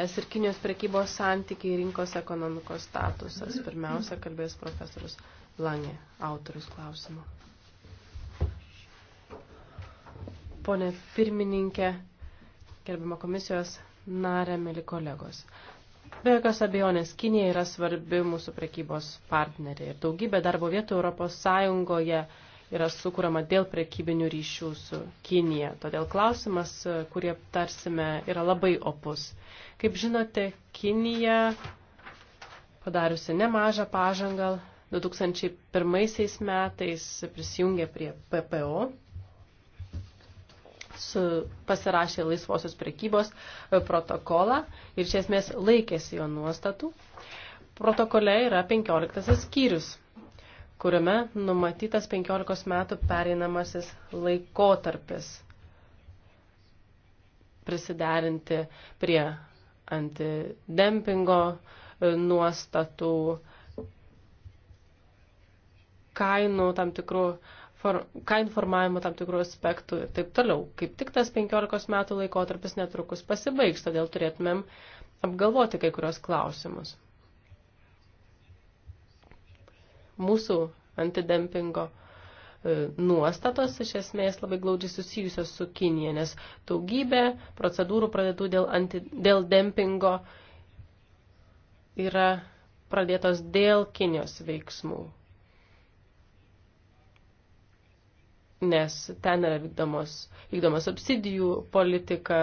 Es ir Kinijos prekybos santykiai rinkos ekonomikos statusas. Pirmiausia, kalbės profesorius Langė, autorius klausimo. Pone pirmininkė, gerbimo komisijos narė, mėly kolegos. Be jokios abejonės, Kinija yra svarbi mūsų prekybos partnerė ir daugybė darbo vietų Europos Sąjungoje yra sukūrama dėl prekybinių ryšių su Kinija. Todėl klausimas, kurį aptarsime, yra labai opus. Kaip žinote, Kinija padariusi nemažą pažangą 2001 metais prisijungė prie PPO, su, pasirašė laisvosios prekybos e, protokolą ir iš esmės laikėsi jo nuostatų. Protokole yra 15 skyrius kuriame numatytas 15 metų pereinamasis laikotarpis prisiderinti prie antidempingo e, nuostatų, kainų tam tikrų, for, kainų formavimo tam tikrų aspektų ir taip toliau. Kaip tik tas 15 metų laikotarpis netrukus pasibaigs, todėl turėtumėm apgalvoti kai kurios klausimus. mūsų antidempingo e, nuostatos iš esmės labai glaudžiai susijusios su Kinija, nes daugybė procedūrų pradėtų dėl, anti, dėl dempingo yra pradėtos dėl Kinijos veiksmų. Nes ten yra vykdomos, vykdomos subsidijų politika,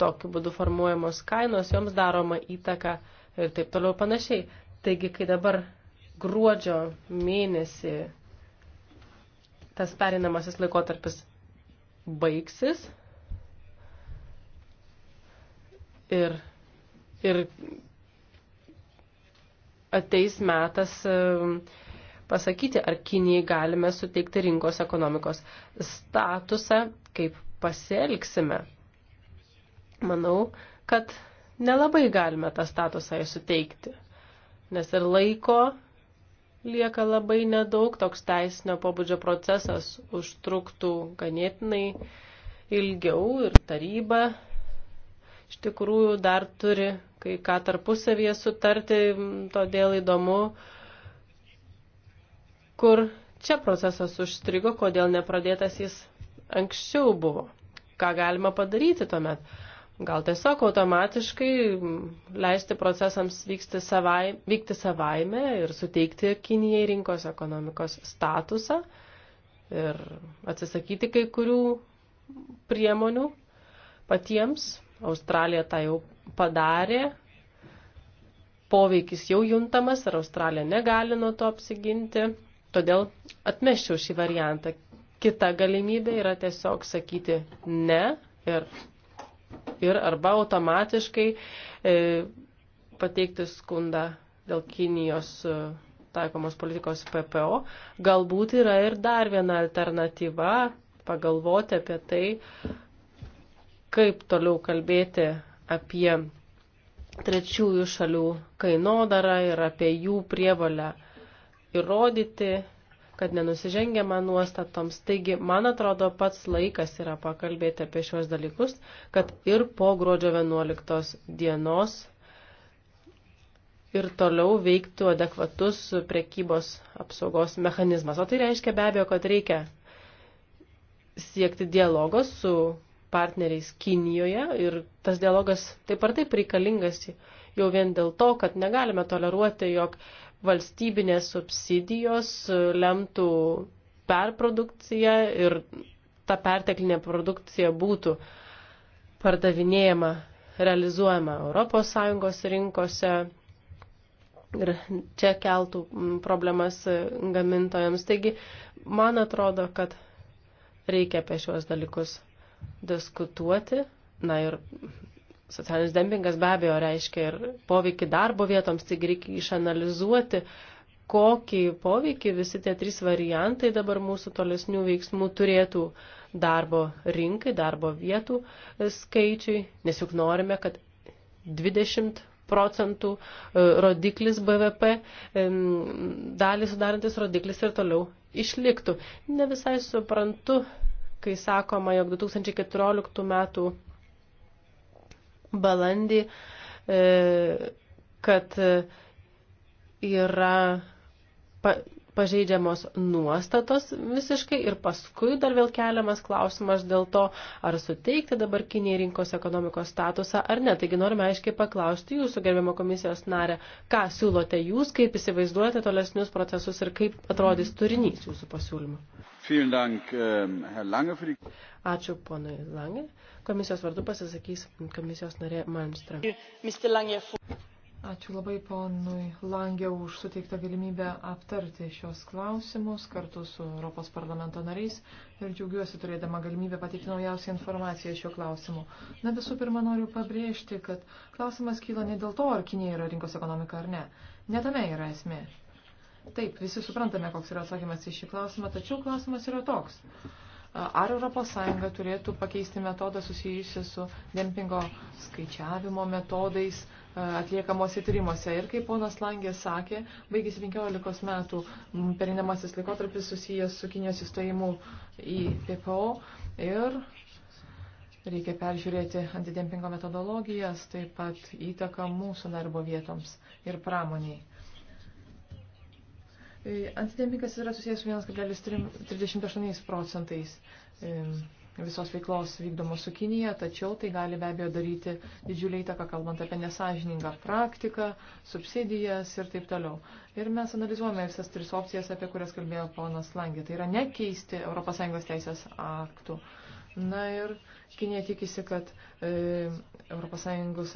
tokiu būdu formuojamos kainos, joms daroma įtaka ir taip toliau panašiai. Taigi, kai dabar gruodžio mėnesį tas perinamasis laikotarpis baigsis ir, ir ateis metas um, pasakyti, ar Kinijai galime suteikti rinkos ekonomikos statusą, kaip pasielgsime. Manau, kad nelabai galime tą statusą suteikti, nes ir laiko lieka labai nedaug, toks teisinio pobūdžio procesas užtruktų ganėtinai ilgiau ir taryba iš tikrųjų dar turi kai ką tarpusavėje sutarti, todėl įdomu, kur čia procesas užstrigo, kodėl nepradėtas jis anksčiau buvo. Ką galima padaryti tuomet? gal tiesiog automatiškai leisti procesams vykti, savai, vykti savaime ir suteikti Kinijai rinkos ekonomikos statusą ir atsisakyti kai kurių priemonių patiems. Australija tą jau padarė, poveikis jau juntamas ir Australija negali nuo to apsiginti, todėl atmeščiau šį variantą. Kita galimybė yra tiesiog sakyti ne ir ir arba automatiškai e, pateikti skundą dėl Kinijos e, taikomos politikos PPO. Galbūt yra ir dar viena alternatyva pagalvoti apie tai, kaip toliau kalbėti apie trečiųjų šalių kainodarą ir apie jų prievalę įrodyti kad nenusižengiama nuostatoms. Taigi, man atrodo, pats laikas yra pakalbėti apie šios dalykus, kad ir po gruodžio 11 dienos ir toliau veiktų adekvatus prekybos apsaugos mechanizmas. O tai reiškia be abejo, kad reikia siekti dialogos su partneriais Kinijoje ir tas dialogas taip ar taip reikalingas jau vien dėl to, kad negalime toleruoti, jog uh, valstybinės subsidijos lemtų perprodukciją ir ta perteklinė produkcija būtų pardavinėjama, realizuojama ES rinkose ir čia keltų mm, problemas gamintojams. Taigi, man atrodo, kad reikia apie šiuos dalykus diskutuoti. Na ir Socialinis dempingas be abejo reiškia ir poveikį darbo vietoms, taigi reikia išanalizuoti, kokį poveikį visi tie trys variantai dabar mūsų tolesnių veiksmų turėtų darbo rinkai, darbo vietų skaičiui, nes juk norime, kad 20 procentų e, rodiklis BVP, e, dalį sudarantis rodiklis ir toliau išliktų. Ne visai suprantu, kai sakoma, jog 2014 metų balandį, e, kad yra pažeidžiamos nuostatos visiškai ir paskui dar vėl keliamas klausimas dėl to, ar suteikti dabar Kinijai rinkos ekonomikos statusą ar ne. Taigi norime aiškiai paklausti jūsų gerbimo komisijos narę, ką siūlote jūs, kaip įsivaizduojate tolesnius procesus ir kaip atrodys turinys jūsų pasiūlymų. Ähm, Ačiū ponui Lange. Komisijos vardu pasisakys komisijos narė Malmstra. Ačiū labai ponui Lange už suteiktą galimybę aptarti šios klausimus kartu su Europos parlamento nariais ir džiaugiuosi turėdama galimybę pateikti naujausią informaciją šiuo klausimu. Na visų pirma noriu pabrėžti, kad klausimas kyla ne dėl to, ar Kinija yra rinkos ekonomika ar ne. Ne tame yra esmė. Taip, visi suprantame, koks yra atsakymas į šį klausimą, tačiau klausimas yra toks. Ar ES turėtų pakeisti metodą susijusią su dempingo skaičiavimo metodais atliekamuose tyrimuose? Ir kaip ponas Langė sakė, baigėsi 15 metų perinamasis laikotarpis susijęs su Kinijos įstojimu į PPO ir reikia peržiūrėti antidempingo metodologijas, taip pat įtaką mūsų darbo vietoms ir pramoniai. E, antidempingas yra susijęs su 1,38 procentais e, visos veiklos vykdomos su Kinija, tačiau tai gali be abejo daryti didžiulį įtaką, kalbant apie nesažiningą praktiką, subsidijas ir taip toliau. Ir mes analizuojame visas tris opcijas, apie kurias kalbėjo ponas Langė. Tai yra nekeisti ES teisės aktų, Na ir Kinė tikisi, kad e, ES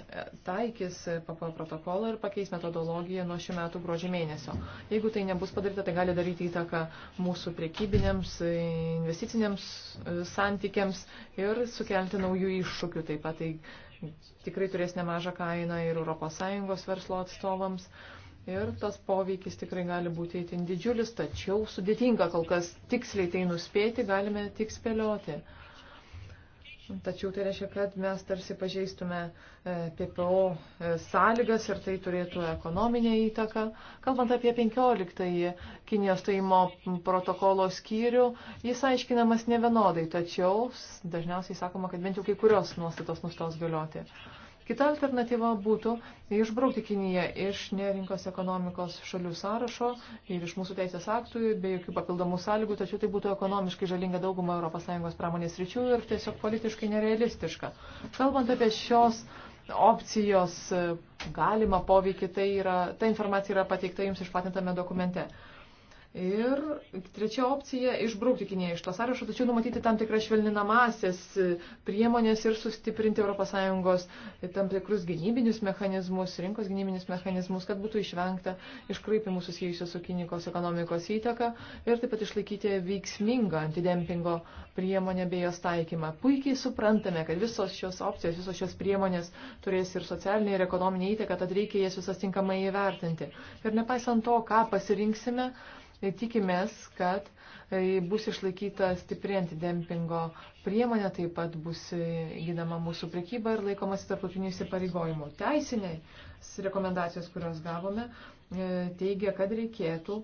taikys PPO protokolą ir pakeis metodologiją nuo šių metų gruodžio mėnesio. Jeigu tai nebus padaryta, tai gali daryti įtaką mūsų priekybinėms, e, investiciniams e, santykiams ir sukelti naujų iššūkių taip pat. Tai tikrai turės nemažą kainą ir ES verslo atstovams. Ir tas poveikis tikrai gali būti itin didžiulis, tačiau sudėtinga kol kas tiksliai tai nuspėti, galime tik spėlioti. Tačiau tai reiškia, kad mes tarsi pažeistume e, PPO e, sąlygas ir tai turėtų ekonominę įtaką. Kalbant apie 15-ąjį Kinijos taimo protokolo skyrių, jis aiškinamas nevienodai, tačiau dažniausiai sakoma, kad bent jau kai kurios nuostatos nustos galioti. Kita alternatyva būtų išbraukti Kiniją iš nerinkos ekonomikos šalių sąrašo ir iš mūsų teisės aktų be jokių papildomų sąlygų, tačiau tai būtų ekonomiškai žalinga daugumą ES pramonės ryčių ir tiesiog politiškai nerealistiška. Kalbant apie šios opcijos galima poveikį, tai yra, ta informacija yra pateikta jums išplatintame dokumente. Ir trečia opcija - išbraukti Kiniją iš to sąrašo, tačiau numatyti tam tikras švelninamasias priemonės ir sustiprinti ES tam tikrus gynybinius mechanizmus, rinkos gynybinius mechanizmus, kad būtų išvengta iškraipimų susijusių su Kinikos ekonomikos įtaka ir taip pat išlaikyti veiksmingą antidempingo priemonę bei jos taikymą. Puikiai suprantame, kad visos šios opcijos, visos šios priemonės turės ir socialinį, ir ekonominį įtaką, tad reikia jas visas tinkamai įvertinti. Ir nepaisant to, ką pasirinksime, Tai tikimės, kad e, bus išlaikyta stipri antidempingo priemonė, taip pat bus e, gydama mūsų prekyba ir laikomasi tarptautinių įsipareigojimų. Teisinės rekomendacijos, kurios gavome, e, teigia, kad reikėtų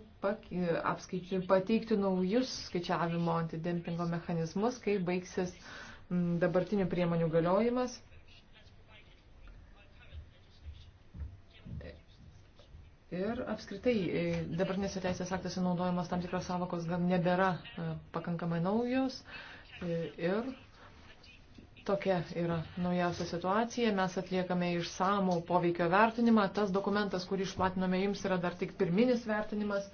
pateikti naujus skaičiavimo antidempingo mechanizmus, kai baigsis dabartinių priemonių galiojimas. Ir apskritai e, dabartinėse teisės aktuose naudojamos tam tikros savokos gan nebėra e, pakankamai naujos. E, ir tokia yra naujausia situacija. Mes atliekame išsamų poveikio vertinimą. Tas dokumentas, kurį išplatinome jums, yra dar tik pirminis vertinimas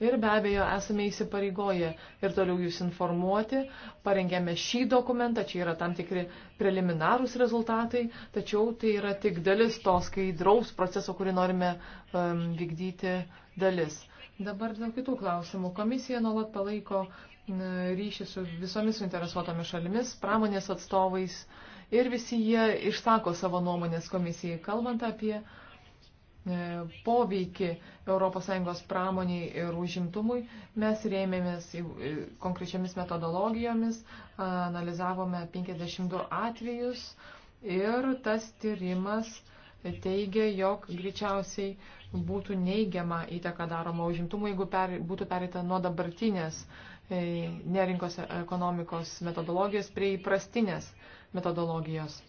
ir be abejo esame įsipareigoję ir toliau jūs informuoti. Parengėme šį dokumentą, čia yra tam tikri preliminarūs rezultatai, tačiau tai yra tik dalis to skaidraus proceso, kurį norime um, vykdyti dalis. Dabar dėl kitų klausimų. Komisija nuolat palaiko ryšį su visomis suinteresuotomis šalimis, pramonės atstovais ir visi jie išsako savo nuomonės komisijai, kalbant apie uh, E, poveikį ES pramoniai ir užimtumui. Mes rėmėmės e, konkrečiamis metodologijomis, analizavome 52 atvejus ir tas tyrimas teigia, jog greičiausiai būtų neigiama įteka daroma užimtumui, jeigu per, būtų perita nuo dabartinės e, nerinkos ekonomikos metodologijos prie įprastinės metodologijos.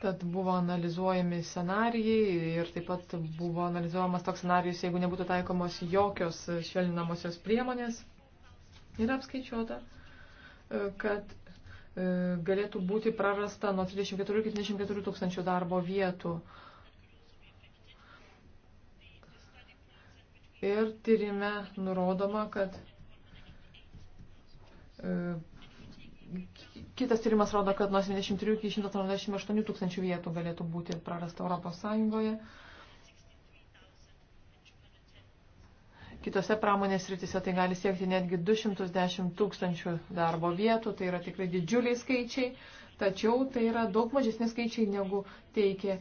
Tad buvo analizuojami scenarijai ir taip pat buvo analizuojamas toks scenarijus, jeigu nebūtų taikomos jokios švelninamosios priemonės. Yra apskaičiuota, e, kad e, galėtų būti prarasta nuo 34 iki 24 tūkstančių darbo vietų. Ir tyrime nurodoma, kad e, Kitas tyrimas rodo, kad nuo 73 iki 188 tūkstančių vietų galėtų būti prarasta Europos Sąjungoje. Kitose pramonės rytise tai gali siekti netgi 210 tūkstančių darbo vietų, tai yra tikrai didžiuliai skaičiai, tačiau tai yra daug mažesni skaičiai negu teikia,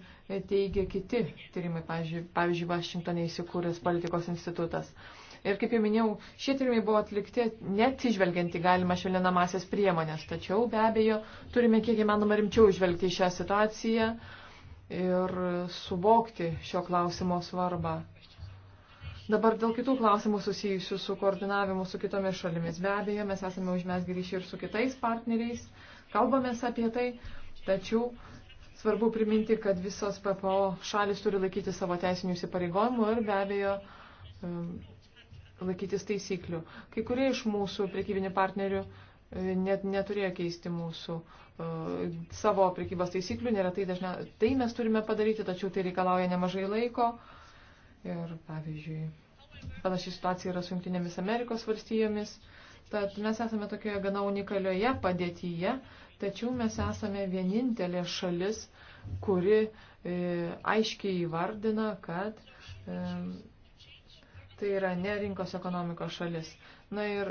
teigia kiti tyrimai, pavyzdžiui, pavyzdžiui Vašingtonė įsikūręs politikos institutas. Uh, Ir kaip jau minėjau, šie tyrimai buvo atlikti netižvelgiant į galimą švelninamasias priemonės. Tačiau be abejo, turime kiek įmanoma rimčiau žvelgti į šią situaciją ir suvokti šio klausimo svarbą. Dabar dėl kitų klausimų susijusių su koordinavimu su kitomis šalimis. Be abejo, mes esame užmesgę ryšį ir su kitais partneriais, kalbamės apie tai, tačiau svarbu priminti, kad visos PPO šalis turi laikyti savo teisinių įsipareigojimų ir be abejo laikytis taisyklių. Kai kurie iš mūsų prekybinių partnerių e, net neturėjo keisti mūsų uh, savo prekybos taisyklių, neretai dažnai tai mes turime padaryti, tačiau tai reikalauja nemažai laiko. Ir pavyzdžiui, panaši situacija yra su Junktinėmis Amerikos valstijomis. Tad mes esame tokioje gana unikalioje padėtyje, tačiau mes esame vienintelė šalis, kuri e, aiškiai įvardina, kad e, tai yra ne rinkos ekonomikos šalis. Na ir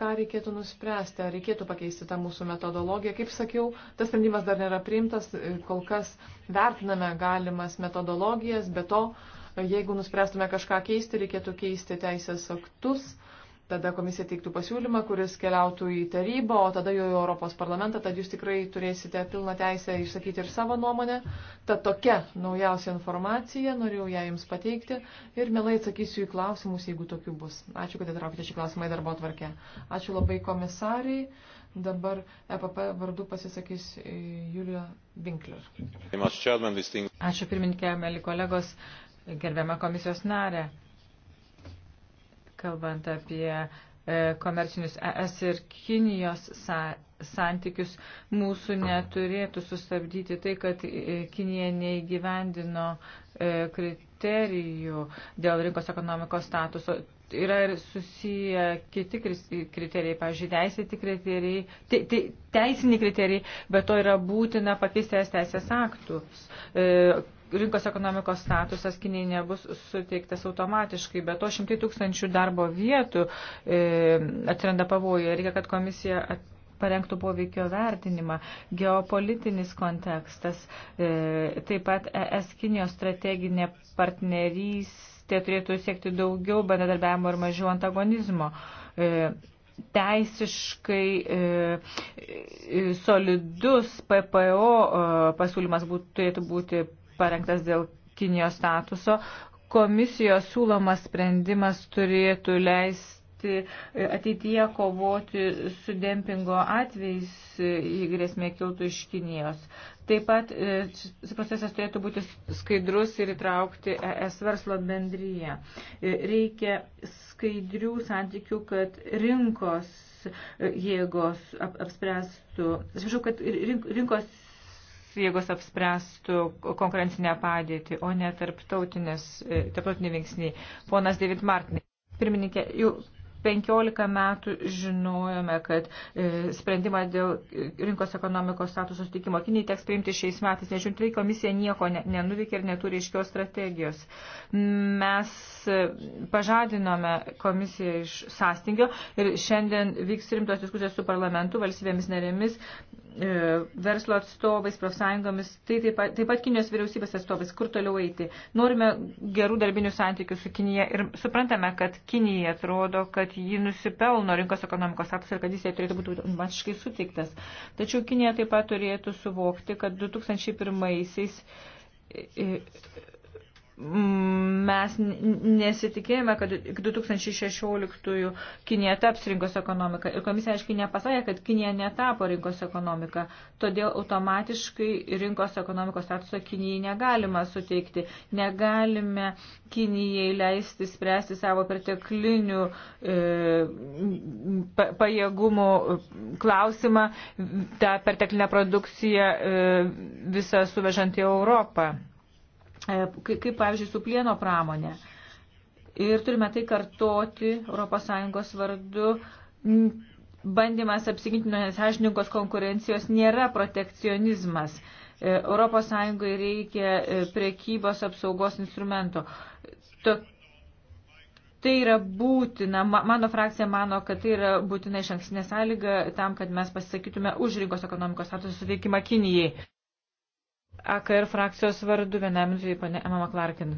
ką reikėtų nuspręsti, ar reikėtų pakeisti tą mūsų metodologiją. Kaip sakiau, tas sprendimas dar nėra priimtas, kol kas vertiname galimas metodologijas, bet to, jeigu nuspręstume kažką keisti, reikėtų keisti teisės aktus. Uh, Tada komisija teiktų pasiūlymą, kuris keliautų į tarybą, o tada jau į Europos parlamentą, tad jūs tikrai turėsite pilną teisę išsakyti ir savo nuomonę. Tad tokia naujausia informacija, norėjau ją jums pateikti ir mielai atsakysiu į klausimus, jeigu tokių bus. Ačiū, kad atraukite šį klausimą į darbo tvarkę. Ačiū labai komisariai. Dabar EPP vardu pasisakys e, Julija Winkler. Ačiū pirmininkė, mėly kolegos, gerbiama komisijos narė kalbant apie e, komercinius ES ir Kinijos sa santykius, mūsų neturėtų sustabdyti tai, kad e, Kinija neįgyvendino e, kriterijų dėl rinkos ekonomikos statuso. Yra ir susiję kiti kriterijai, pavyzdžiui, teisėti kriterijai, te, te, teisiniai kriterijai, bet to yra būtina pakeisti es teisės aktus. E, rinkos ekonomikos statusas Kinijai nebus suteiktas automatiškai, bet to šimtai tūkstančių darbo vietų e, atsiranda pavojuje. Reikia, kad komisija at, parengtų poveikio vertinimą, geopolitinis kontekstas, e, taip pat ES Kinijos strateginė partnerystė turėtų siekti daugiau bendradarbiavimo ir mažiau antagonizmo. E, teisiškai e, e solidus PPO e, pasiūlymas būt, turėtų būti parengtas dėl Kinijos statuso. Komisijos siūlomas sprendimas turėtų leisti ateityje kovoti su dempingo atvejais, jei grėsmė kiltų iš Kinijos. Taip pat e, šis procesas turėtų būti skaidrus ir įtraukti ES verslo bendryje. E, reikia skaidrių santykių, kad rinkos e, jėgos ap apspręstų, aš žinau, kad rinkos jėgos apspręstų konkurencinę padėtį, o ne e, tarptautiniai veiksniai. Ponas David Martinai, pirmininkė, jau 15 metų žinojome, kad e, sprendimą dėl e, rinkos ekonomikos statuso sutikimo Kinijai teks priimti šiais metais, nežiūrint tai komisija nieko nenuveikė ir neturi iškios strategijos. Mes pažadinome komisiją iš sąstingio ir šiandien vyks rimtos diskusijos su parlamentu, valstybėmis narėmis E, verslo atstovais, profsąjungomis, tai taip pat, taip pat Kinijos vyriausybės atstovais, kur toliau eiti. Norime gerų darbinių santykių su Kinija ir suprantame, kad Kinija atrodo, kad ji nusipelno rinkos ekonomikos statusą ir kad jis jai turėtų būti automatiškai suteiktas. Tačiau Kinija taip pat turėtų suvokti, kad 2001-aisiais mes nesitikėjome, kad 2016 Kinija taps rinkos ekonomika. Ir komisija aiškiai nepasakė, kad Kinija netapo rinkos ekonomika. Todėl automatiškai rinkos ekonomikos statuso Kinijai negalima suteikti. Negalime Kinijai leisti spręsti savo perteklinių e, pajėgumų klausimą, tą perteklinę produkciją e, visą suvežant į Europą. E, kaip pavyzdžiui su plieno pramonė. Ir turime tai kartoti ES vardu. Bandymas apsiginti nuo nesąžininkos konkurencijos nėra protekcionizmas. E, ES reikia e, prekybos apsaugos instrumento. To, tai yra būtina, mano frakcija mano, kad tai yra būtina iš anksinė sąlyga tam, kad mes pasisakytume už rinkos ekonomikos statusų suveikimą Kinijai. AKR frakcijos vardu vienam minutį, ponė Emma Clarkin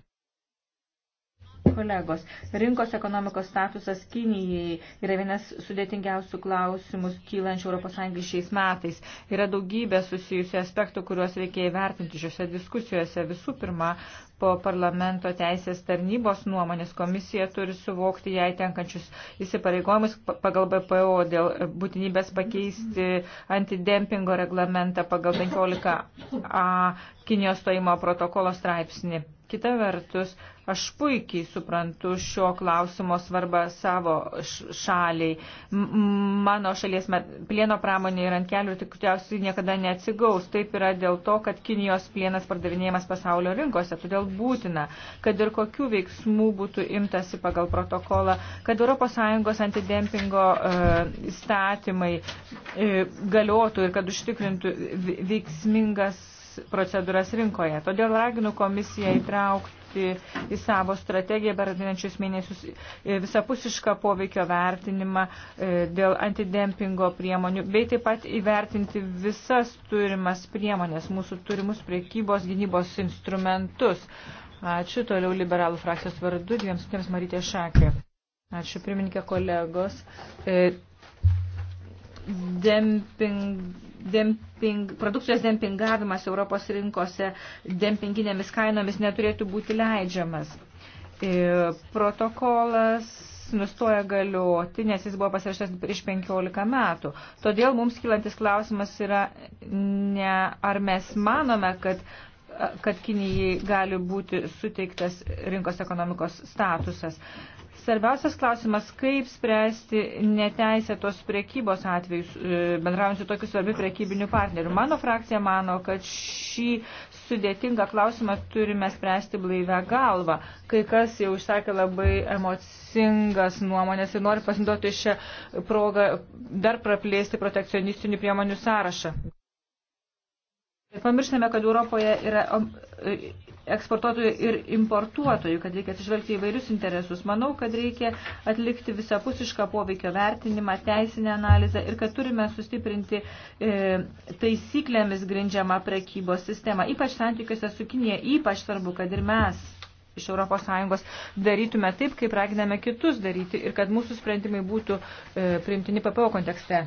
kolegos. Rinkos ekonomikos statusas Kinijai yra vienas sudėtingiausių klausimus kylančių ES šiais metais. Yra daugybė susijusių aspektų, kuriuos reikia įvertinti šiuose diskusijose. Visų pirma, po parlamento teisės tarnybos nuomonės komisija turi suvokti jai tenkančius įsipareigojimus pagal BPO dėl būtinybės pakeisti antidempingo reglamentą pagal 15A Kinijos stojimo protokolo straipsnį. Kita vertus, aš puikiai suprantu šio klausimo svarbą savo šaliai. Mano šalies plieno pramonė yra ant kelių tikriausiai niekada neatsigaus. Taip yra dėl to, kad Kinijos plienas pardavinėjimas pasaulio rinkose. Todėl būtina, kad ir kokių veiksmų būtų imtasi pagal protokolą, kad ES antidempingo e, įstatymai e, galiotų ir kad užtikrintų veiksmingas procedūras rinkoje. Todėl raginu komisiją įtraukti į savo strategiją per atinančius mėnesius e, visapusišką poveikio vertinimą e, dėl antidempingo priemonių, bei taip pat įvertinti visas turimas priemonės, mūsų turimus priekybos gynybos instrumentus. Ačiū. Toliau liberalų frakcijos vardu dviems tiems Marytė Šakė. Ačiū, pirmininkė kolegos. E, demping demping, produkcijos dempingavimas Europos rinkose dempinginėmis kainomis neturėtų būti leidžiamas. E, protokolas nustoja galioti, nes jis buvo pasirašytas prieš 15 metų. Todėl mums kilantis klausimas yra, ne, ar mes manome, kad kad Kinijai gali būti suteiktas rinkos ekonomikos statusas. Svarbiausias klausimas, kaip spręsti neteisėtos priekybos atvejus, e, bendraujant su tokiu svarbiu priekybiniu partneriu. Mano frakcija mano, kad šį sudėtingą klausimą turime spręsti blaivę galvą. Kai kas jau išsakė labai emocingas nuomonės ir nori pasinaudoti šią progą dar praplėsti protekcionistinių priemonių sąrašą. Pamirštame, kad Europoje yra um, eksportuotojų ir importuotojų, kad reikia atsižvelgti įvairius interesus. Manau, kad reikia atlikti visapusišką poveikio vertinimą, teisinę analizę ir kad turime sustiprinti e, taisyklėmis grindžiamą prekybos sistemą. Ypač santykiuose su Kinėje, ypač svarbu, kad ir mes iš ES darytume taip, kaip raginame kitus daryti ir kad mūsų sprendimai būtų e, priimtini PPO kontekste.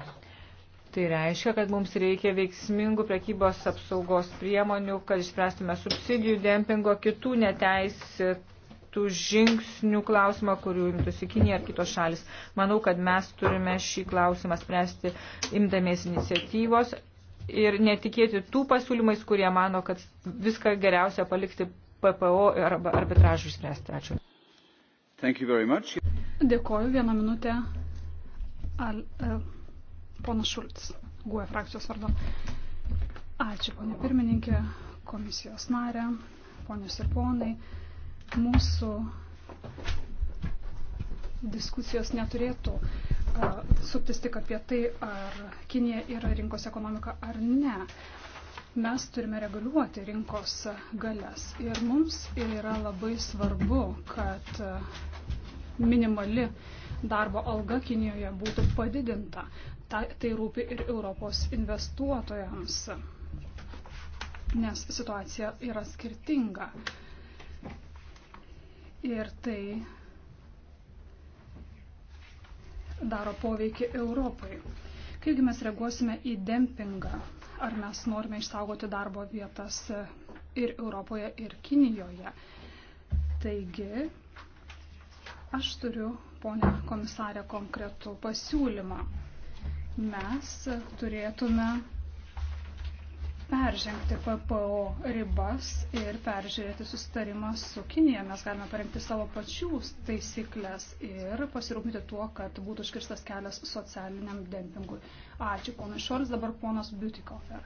Tai reiškia, kad mums reikia veiksmingų prekybos apsaugos priemonių, kad išspręstume subsidijų, dempingo, kitų neteisėtų žingsnių klausimą, kurių imtųsi Kinija ar kitos šalis. Manau, kad mes turime šį klausimą spręsti imdamės iniciatyvos ir netikėti tų pasiūlymais, kurie mano, kad viską geriausia palikti PPO arba arbitražų išspręsti. Ačiū. Thank you very much. Dėkoju vieną minutę. Al, uh... Ponas Šulcis, GUE frakcijos vardu. Ačiū, ponė pirmininkė, komisijos narė, ponios ir ponai. Mūsų diskusijos neturėtų uh, suktis tik apie tai, ar Kinija yra rinkos ekonomika ar ne. Mes turime reguliuoti rinkos galės. Ir mums yra labai svarbu, kad minimali darbo alga Kinijoje būtų padidinta tai rūpi ir Europos investuotojams, nes situacija yra skirtinga. Ir tai daro poveikį Europai. Kaipgi mes reaguosime į dempingą? Ar mes norime išsaugoti darbo vietas ir Europoje, ir Kinijoje? Taigi, aš turiu, ponia komisarė, konkretų pasiūlymą mes turėtume peržengti PPO ribas ir peržiūrėti susitarimą su Kinija. Mes galime parengti savo pačių taisyklės ir pasirūpinti tuo, kad būtų iškirstas kelias socialiniam dempingui. Ačiū ponui Šoris, dabar ponas Butikofer.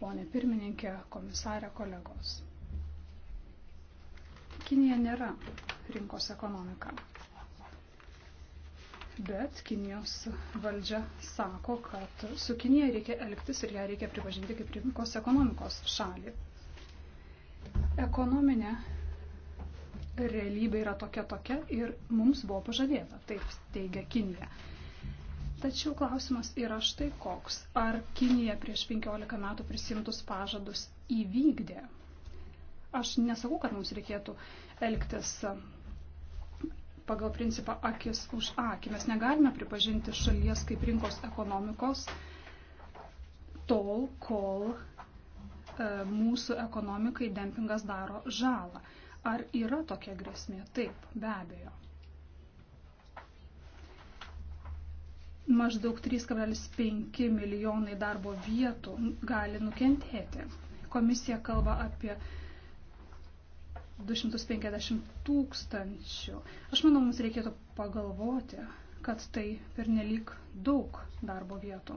Pone pirmininkė, komisarė, kolegos. Kinija nėra rinkos ekonomika. Bet Kinijos valdžia sako, kad su Kinija reikia elgtis ir ją reikia pripažinti kaip rinkos ekonomikos šalį. Ekonominė realybė yra tokia tokia ir mums buvo pažadėta, taip teigia Kinija. Tačiau klausimas yra štai koks. Ar Kinija prieš 15 metų prisimtus pažadus įvykdė? Aš nesakau, kad mums reikėtų elgtis pagal principą akis už akį. Mes negalime pripažinti šalies kaip rinkos ekonomikos tol, kol e, mūsų ekonomikai dempingas daro žalą. Ar yra tokia grėsmė? Taip, be abejo. Maždaug 3,5 milijonai darbo vietų gali nukentėti. Komisija kalba apie 250 tūkstančių. Aš manau, mums reikėtų pagalvoti, kad tai pernelyg daug darbo vietų.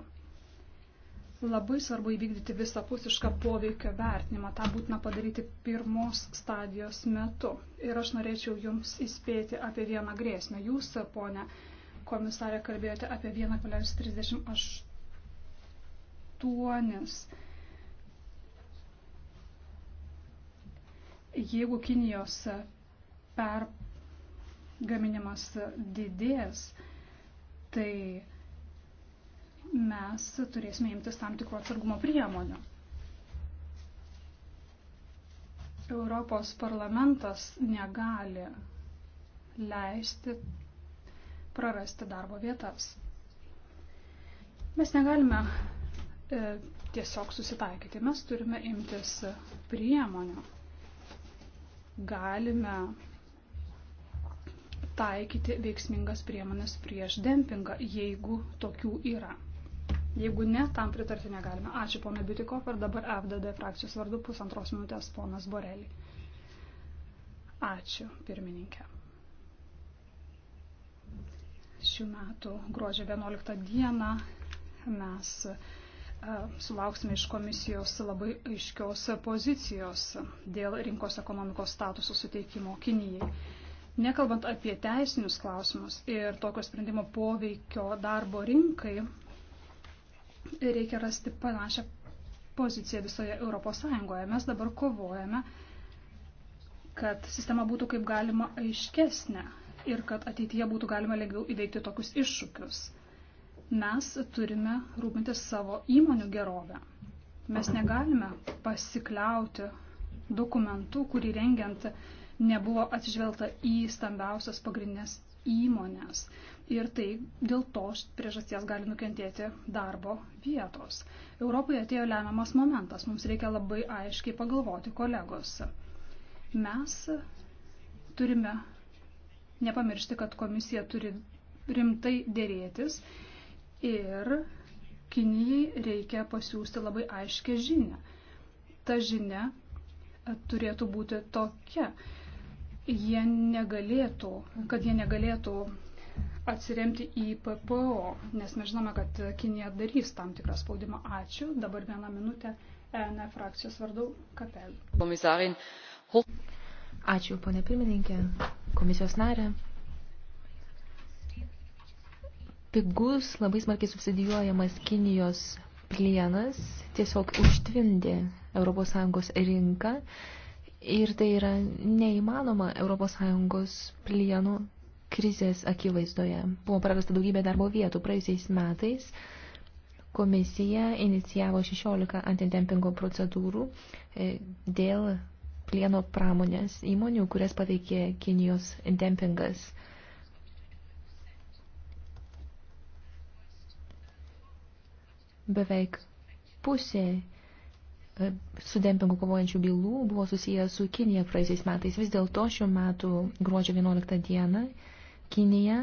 Labai svarbu įvykdyti visapusišką poveikio vertinimą. Ta būtina padaryti pirmos stadijos metu. Ir aš norėčiau Jums įspėti apie vieną grėsmę. Jūs, ponė komisarė, kalbėjote apie 1,38 Jeigu Kinijos pergaminimas didės, tai mes turėsime imtis tam tikro atsargumo priemonių. Europos parlamentas negali leisti prarasti darbo vietas. Mes negalime e, tiesiog susitaikyti, mes turime imtis priemonių galime taikyti veiksmingas priemonės prieš dempingą, jeigu tokių yra. Jeigu ne, tam pritarti negalime. Ačiū ponai Biutikov ir dabar FDD frakcijos vardu pusantros minutės ponas Borelį. Ačiū pirmininkė. Šių metų gruodžio 11 dieną mes sulauksime iš komisijos labai aiškios pozicijos dėl rinkos ekonomikos statuso suteikimo Kinijai. Nekalbant apie teisinius klausimus ir tokio sprendimo poveikio darbo rinkai, reikia rasti panašią poziciją visoje Europos Sąjungoje. Mes dabar kovojame, kad sistema būtų kaip galima aiškesnė ir kad ateityje būtų galima lengviau įveikti tokius iššūkius mes turime rūpintis savo įmonių gerovę. Mes negalime pasikliauti dokumentų, kurį rengiant nebuvo atsižvelgta į stambiausias pagrindinės įmonės. Ir tai dėl to priežasties gali nukentėti darbo vietos. Europoje atėjo lemiamas momentas. Mums reikia labai aiškiai pagalvoti, kolegos. Mes turime nepamiršti, kad komisija turi rimtai dėrėtis ir Kinijai reikia pasiūsti labai aiškę žinę. Ta žinia e, turėtų būti tokia. Jie negalėtų, kad jie negalėtų atsiremti į PPO, nes mes žinome, kad Kinija darys tam tikrą spaudimą. Ačiū. Dabar vieną minutę ENF frakcijos vardu Kapel. Komisarin. Ačiū, ponė pirmininkė, komisijos narė pigus, labai smarkiai subsidijuojamas Kinijos plienas tiesiog užtvindė ES rinką ir tai yra neįmanoma ES plienų krizės akivaizdoje. Buvo prarasta daugybė darbo vietų. Praėjusiais metais komisija inicijavo 16 antidempingo procedūrų e, dėl plieno pramonės įmonių, kurias paveikė Kinijos dempingas. Beveik pusė e, su dempingu kovojančių bylų buvo susijęs su Kinija praeisiais metais. Vis dėlto šių metų gruodžio 11 dieną Kinija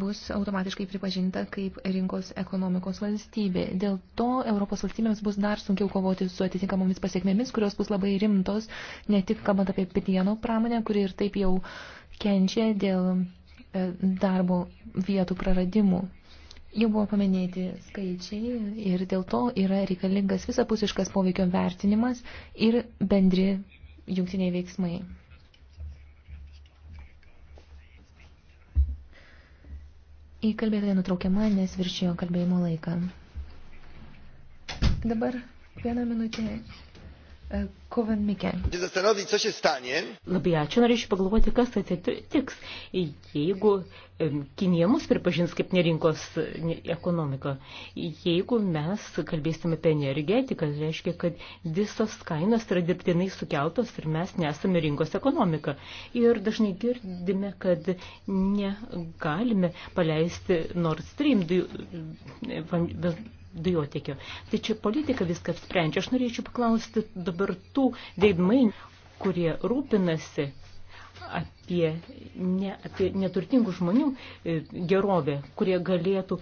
bus automatiškai pripažinta kaip rinkos ekonomikos valstybė. Dėl to Europos valstybėms bus dar sunkiau kovoti su atitinkamomis pasiekmėmis, kurios bus labai rimtos, ne tik kalbant apie pitieno pramonę, kuri ir taip jau kenčia dėl e, darbo vietų praradimų. Jau buvo paminėti skaičiai ir dėl to yra reikalingas visapusiškas poveikio vertinimas ir bendri jungtiniai veiksmai. Įkalbėtoja nutraukiama, nes viršijo kalbėjimo laiką. Dabar vieną minutę Kovan e, Mikel. Labai ačiū, norėčiau pagalvoti, kas atsitiks, jeigu Kinija mus pripažins kaip nerinkos ekonomika. Jeigu mes kalbėsime apie energetiką, tai reiškia, kad visos kainos yra dirbtinai sukeltos ir mes nesame rinkos ekonomika. Ir dažnai girdime, kad negalime paleisti Nord Stream e, dujotiekio. Tai čia politika viską apsprendžia. Aš norėčiau paklausti dabar tų veidmainių, kurie rūpinasi apie, ne, apie neturtingų žmonių e, gerovę, kurie galėtų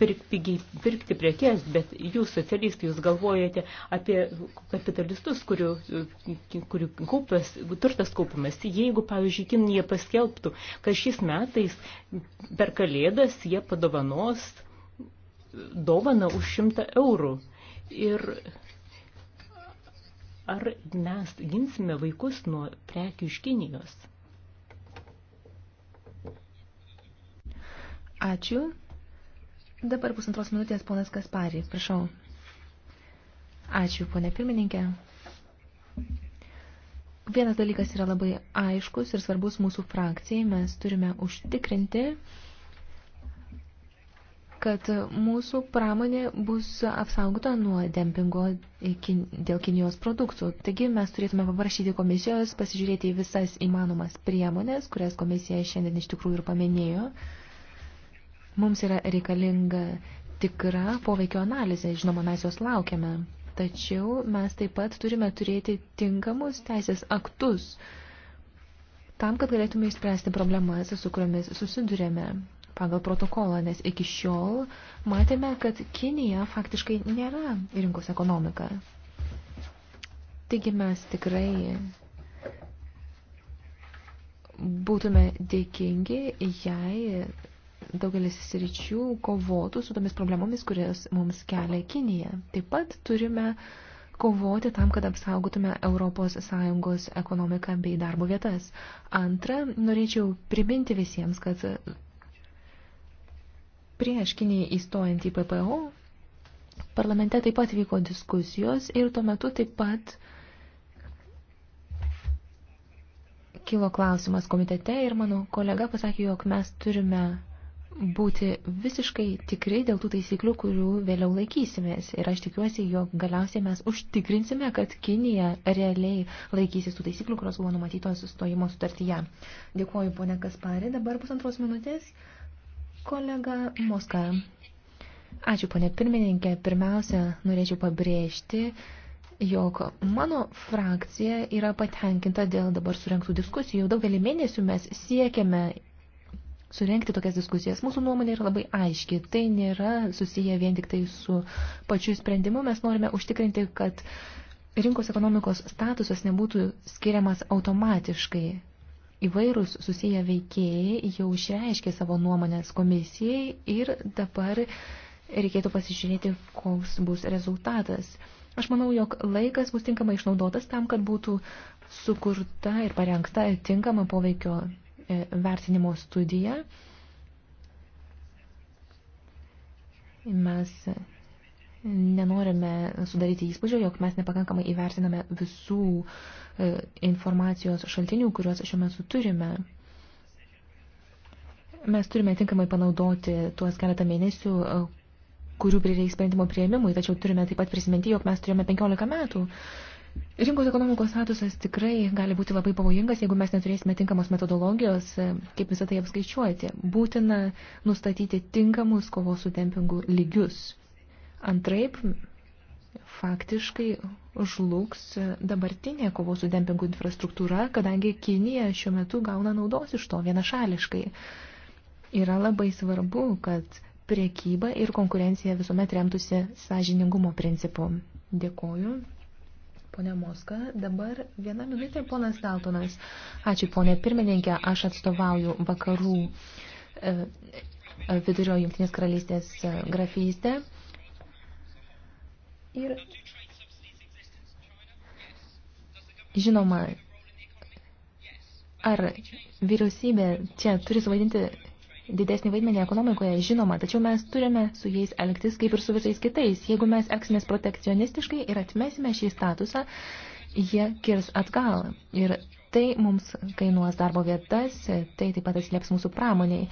pirk, pigiai, pirkti prekes, bet jūs socialistai, jūs galvojate apie kapitalistus, kurių, e, kurių kaupas, turtas kaupimas. Jeigu, pavyzdžiui, Kinija paskelbtų, kad šiais metais per kalėdas jie padovanos dovaną už 100 eurų. Ir ar mes ginsime vaikus nuo prekių iš Kinijos? Ačiū. Dabar pusantros minutės ponas Kasparį, prašau. Ačiū, ponė pirmininkė. Vienas dalykas yra labai aiškus ir svarbus mūsų frakcijai. Mes turime užtikrinti, kad mūsų pramonė bus apsaugota nuo dempingo dėl Kinijos produktų. Taigi mes turėtume paprašyti komisijos pasižiūrėti į visas įmanomas priemonės, kurias komisija šiandien iš tikrųjų ir paminėjo. Mums yra reikalinga tikra poveikio analizė, žinoma, mes jos laukiame. Tačiau mes taip pat turime turėti tinkamus teisės aktus tam, kad galėtume išspręsti problemas, su kuriomis susidurėme pagal protokolą, nes iki šiol matėme, kad Kinija faktiškai nėra rinkos ekonomika. Taigi mes tikrai būtume dėkingi, jei daugelis sričių kovotų su tomis problemomis, kurias mums kelia Kinija. Taip pat turime kovoti tam, kad apsaugotume ES ekonomiką bei darbo vietas. Antra, norėčiau priminti visiems, kad prieš Kinijai įstojant į PPO, parlamente taip pat vyko diskusijos ir tuo metu taip pat kilo klausimas komitete ir mano kolega pasakė, jog mes turime būti visiškai tikri dėl tų taisyklių, kurių vėliau laikysimės. Ir aš tikiuosi, jog galiausiai mes užtikrinsime, kad Kinija realiai laikysis tų taisyklių, kurios buvo numatytos sustojimo sutartyje. Dėkuoju, ponė Kasparė. Dabar pusantros minutės Kolega Moska. Ačiū, ponė pirmininkė. Pirmiausia, norėčiau pabrėžti, jog mano frakcija yra patenkinta dėl dabar surinktų diskusijų. Daugelį mėnesių mes siekiame surenkti tokias diskusijas. Mūsų nuomonė yra labai aiški. Tai nėra susiję vien tik tai su pačiu sprendimu. Mes norime užtikrinti, kad rinkos ekonomikos statusas nebūtų skiriamas automatiškai įvairūs susiję veikėjai jau išreiškė savo nuomonės komisijai ir dabar reikėtų pasižiūrėti, koks bus rezultatas. Aš manau, jog laikas bus tinkamai išnaudotas tam, kad būtų sukurta ir parengta tinkama poveikio e, vertinimo studija. Mes Nenorime sudaryti įspūdžio, jog mes nepakankamai įvertiname visų e, informacijos šaltinių, kuriuos šiuo metu turime. Mes turime tinkamai panaudoti tuos keletą mėnesių, e, kurių prireiks sprendimo prieimimui, tačiau turime taip pat prisiminti, jog mes turėjome 15 metų. Rinkos ekonomikos statusas tikrai gali būti labai pavojingas, jeigu mes neturėsime tinkamos metodologijos, e, kaip visą tai apskaičiuoti. Būtina nustatyti tinkamus kovos su dempingu lygius. Antraip, faktiškai žlugs dabartinė kovos su dempingu infrastruktūra, kadangi Kinija šiuo metu gauna naudos iš to vienašališkai. Yra labai svarbu, kad priekyba ir konkurencija visuomet remtųsi sąžiningumo principu. Dėkoju. Pone Moska, dabar viena minutė, ponas Daltonas. Ačiū, ponė pirmininkė, aš atstovauju vakarų e, vidurio jungtinės karalystės e, grafystę. Ir žinoma, ar vyriausybė čia turi suvaidinti didesnį vaidmenį ekonomikoje, žinoma, tačiau mes turime su jais elgtis kaip ir su visais kitais. Jeigu mes elgsimės protekcionistiškai ir atmesime šį statusą, jie kirs atgal. Ir tai mums kainuos darbo vietas, tai taip pat atsilieps mūsų pramoniai.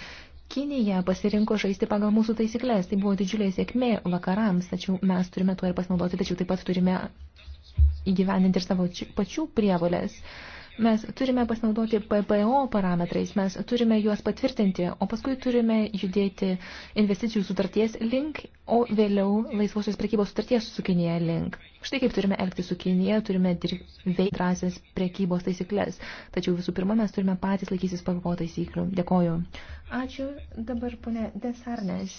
Kinija pasirinko žaisti pagal mūsų taisyklės. Tai buvo didžiulė sėkmė vakarams, tačiau mes turime tuo ir pasinaudoti, tačiau taip pat turime įgyveninti ir savo pačių prievolės. Uh, Mes turime pasinaudoti PPO parametrais, mes turime juos patvirtinti, o paskui turime judėti investicijų sutarties link, o vėliau laisvosios prekybos sutarties su Kinėje link. Štai kaip turime elgti su Kinėje, turime veikti drąsias prekybos taisyklės. Tačiau visų pirma, mes turime patys laikysis PPO taisyklių. Dėkoju. Ačiū. Dabar, ponė Desarnės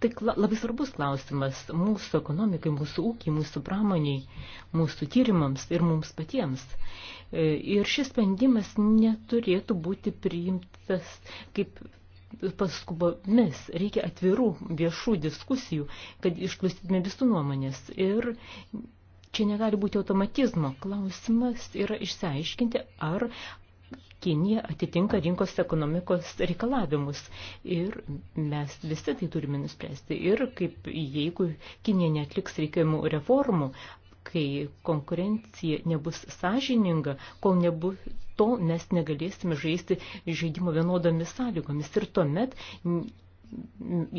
tai labai svarbus klausimas mūsų ekonomikai, mūsų ūkiai, mūsų pramoniai, mūsų tyrimams ir mums patiems. E, ir šis sprendimas neturėtų būti priimtas kaip paskubomis. Reikia atvirų viešų diskusijų, kad išklausytume visų nuomonės. Ir čia negali būti automatizmo. Klausimas yra išsiaiškinti, ar Kinija atitinka rinkos ekonomikos reikalavimus ir mes visi tai turime nuspręsti. Ir kaip jeigu Kinija netliks reikiamų reformų, kai konkurencija nebus sąžininga, kol nebus to, mes negalėsime žaisti žaidimo vienodomis sąlygomis. Ir tuomet,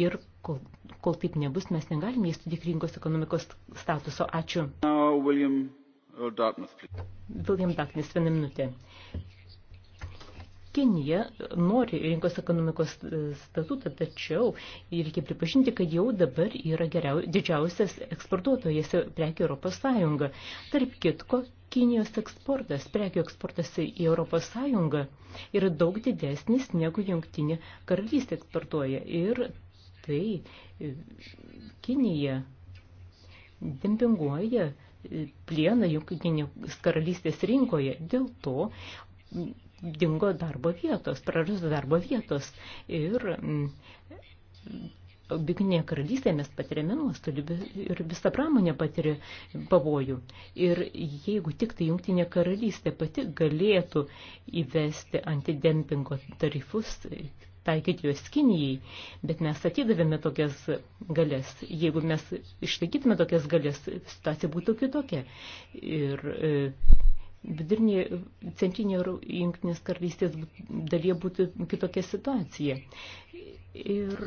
ir kol, kol taip nebus, mes negalime įstudyti rinkos ekonomikos statuso. Ačiū. Now, William uh, Dartmouth, please. William Dartmouth, vieną minutę. Kinija nori rinkos ekonomikos statutą, tačiau reikia pripažinti, kad jau dabar yra geriau, didžiausias eksportuotojas prekių Europos Sąjunga. Tarp kitko, Kinijos eksportas, prekių eksportas į Europos Sąjungą yra daug didesnis negu jungtinė karalystė eksportuoja. Ir tai e, Kinija dempinguoja e, plieną jungtinės karalystės rinkoje. Dėl to dingo darbo vietos, prarado darbo vietos. Ir mm, Bikinėje karalystėje mes patiriame nuostolių ir visa pramonė patiria pavojų. Ir jeigu tik tai jungtinė karalystė pati galėtų įvesti antidempingo tarifus, taikyti juos Kinijai, bet mes atidavėme tokias galės. Jeigu mes išlaikytume tokias galės, situacija būtų kitokia. Ir e, vidurinėje, centrinėje jungtinės karalystės dalyje būtų kitokia situacija. Ir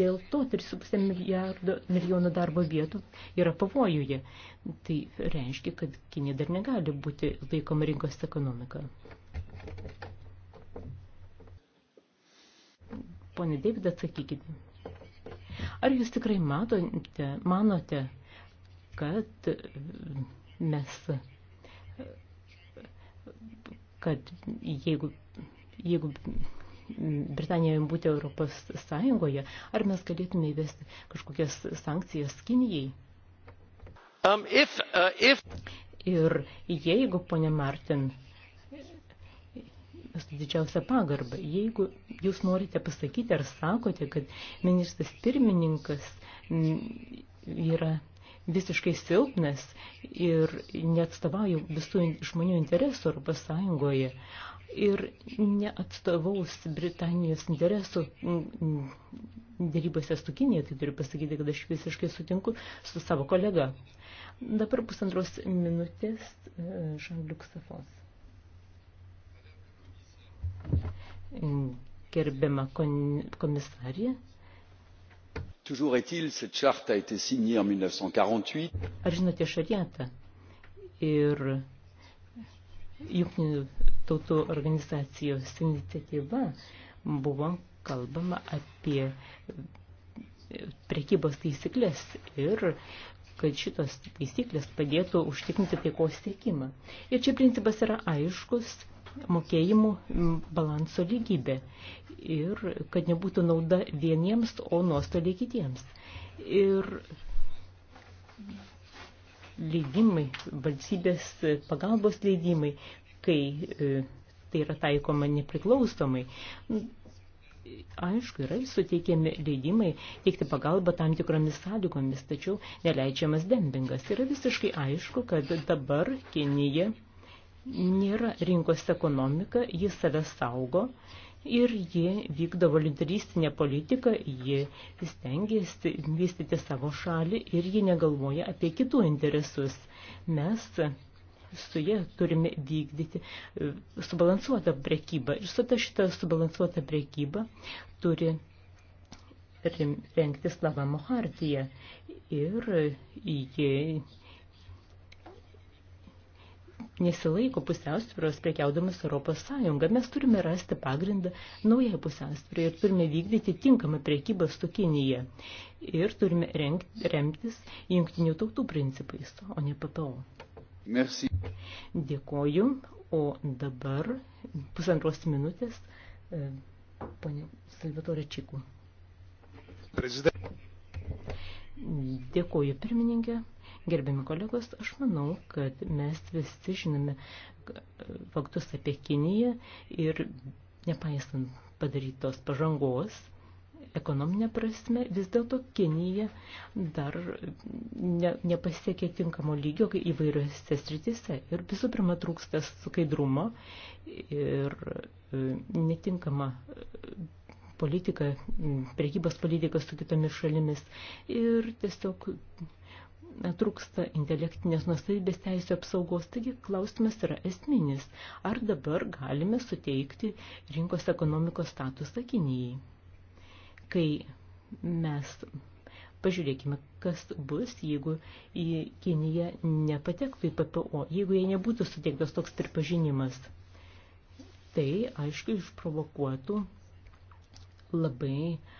dėl to 3,5 milijardo milijono darbo vietų yra pavojuje. Tai reiškia, kad Kinė dar negali būti laikoma rinkos ekonomika. Pone David, atsakykite. Ar jūs tikrai matote, manote, kad mes kad jeigu, jeigu Britanijoje būti Europos Sąjungoje, ar mes galėtume įvesti kažkokias sankcijas Kinijai? Um, if, uh, if... Ir jeigu, ponė Martin, su didžiausia pagarba, jeigu jūs norite pasakyti ar sakote, kad ministras pirmininkas mm, yra visiškai silpnas ir neatstovauja visų žmonių interesų Europos Sąjungoje ir neatstovaus Britanijos interesų mm, dėrybose su Kinėje, tai turiu pasakyti, kad aš visiškai sutinku su savo kolega. Dabar pusantros minutės Žangliuk e, Safos. E, gerbiama komisarė, toujours est il cette charte a été signée en. mille neuf cent quarante huit ar žinote šariatą ir jungtinių tautų organizacijos iniciatyva buvo kalbama apie prekybos taisyklės ir kad šitos taisyklės padėtų užtikrinti taikos siekimą. Ir čia principas yra aiškus mokėjimų balanso lygybė ir kad nebūtų nauda vieniems, o nuostoliai kitiems. Ir leidimai, valstybės pagalbos leidimai, kai e, tai yra taikoma nepriklausomai, aišku, yra suteikiami leidimai teikti pagalbą tam tikromis sąlygomis, tačiau neleidžiamas dempingas. Yra visiškai aišku, kad dabar Kinija nėra rinkos ekonomika, ji save saugo ir ji vykdo voluntaristinę politiką, ji stengiasi vystyti savo šalį ir ji negalvoja apie kitų interesus. Mes su jie turime vykdyti e, subalansuotą prekybą ir su ta šita subalansuota prekyba turi rengti slavamo hartiją ir jie nesilaiko pusiausvyros prekiaudamas Europos Sąjungą. Mes turime rasti pagrindą naują pusiausvyrą ir turime vykdyti tinkamą prekybą su Kinija. Ir turime renkt, remtis jungtinių tautų principais, o ne PPO. Merci. Dėkoju. O dabar pusantros minutės e, ponė Salvatore Čikų. Prezident. Dėkoju pirmininkė. Gerbiami kolegos, aš manau, kad mes visi žinome faktus apie Kiniją ir nepaisant padarytos pažangos, ekonominė prasme, vis dėlto Kinija dar ne, nepasiekė tinkamo lygio įvairiose sritise. Ir visų pirma, trūksta skaidrumo ir e, netinkama e, politika, prekybos politika su kitomis šalimis ir tiesiog trūksta intelektinės nusavybės teisų apsaugos, taigi klausimas yra esminis, ar dabar galime suteikti rinkos ekonomikos statusą Kinijai. Kai mes pažiūrėkime, kas bus, jeigu į Kiniją nepatektų į PPO, jeigu jai nebūtų suteiktas toks pripažinimas. Tai, aišku, išprovokuotų labai uh,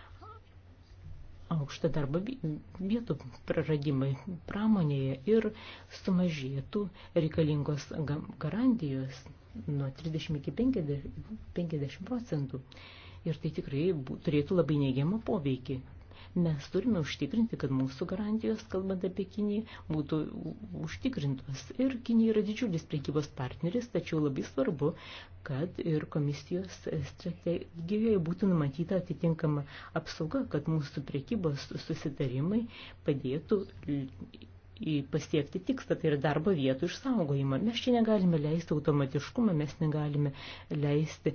aukštą darbo vietų praradimai pramonėje ir sumažėtų reikalingos garantijos nuo 30 iki 50 procentų. Ir tai tikrai turėtų labai neigiamą poveikį mes turime užtikrinti, kad mūsų garantijos, kalbant apie Kiniją, būtų užtikrintos. Ir Kinija yra didžiulis prekybos partneris, tačiau labai svarbu, kad ir komisijos strategijoje būtų numatyta atitinkama apsauga, kad mūsų prekybos susitarimai padėtų pasiekti tikslą, tai yra darbo vietų išsaugojimą. Mes čia negalime leisti automatiškumą, mes negalime leisti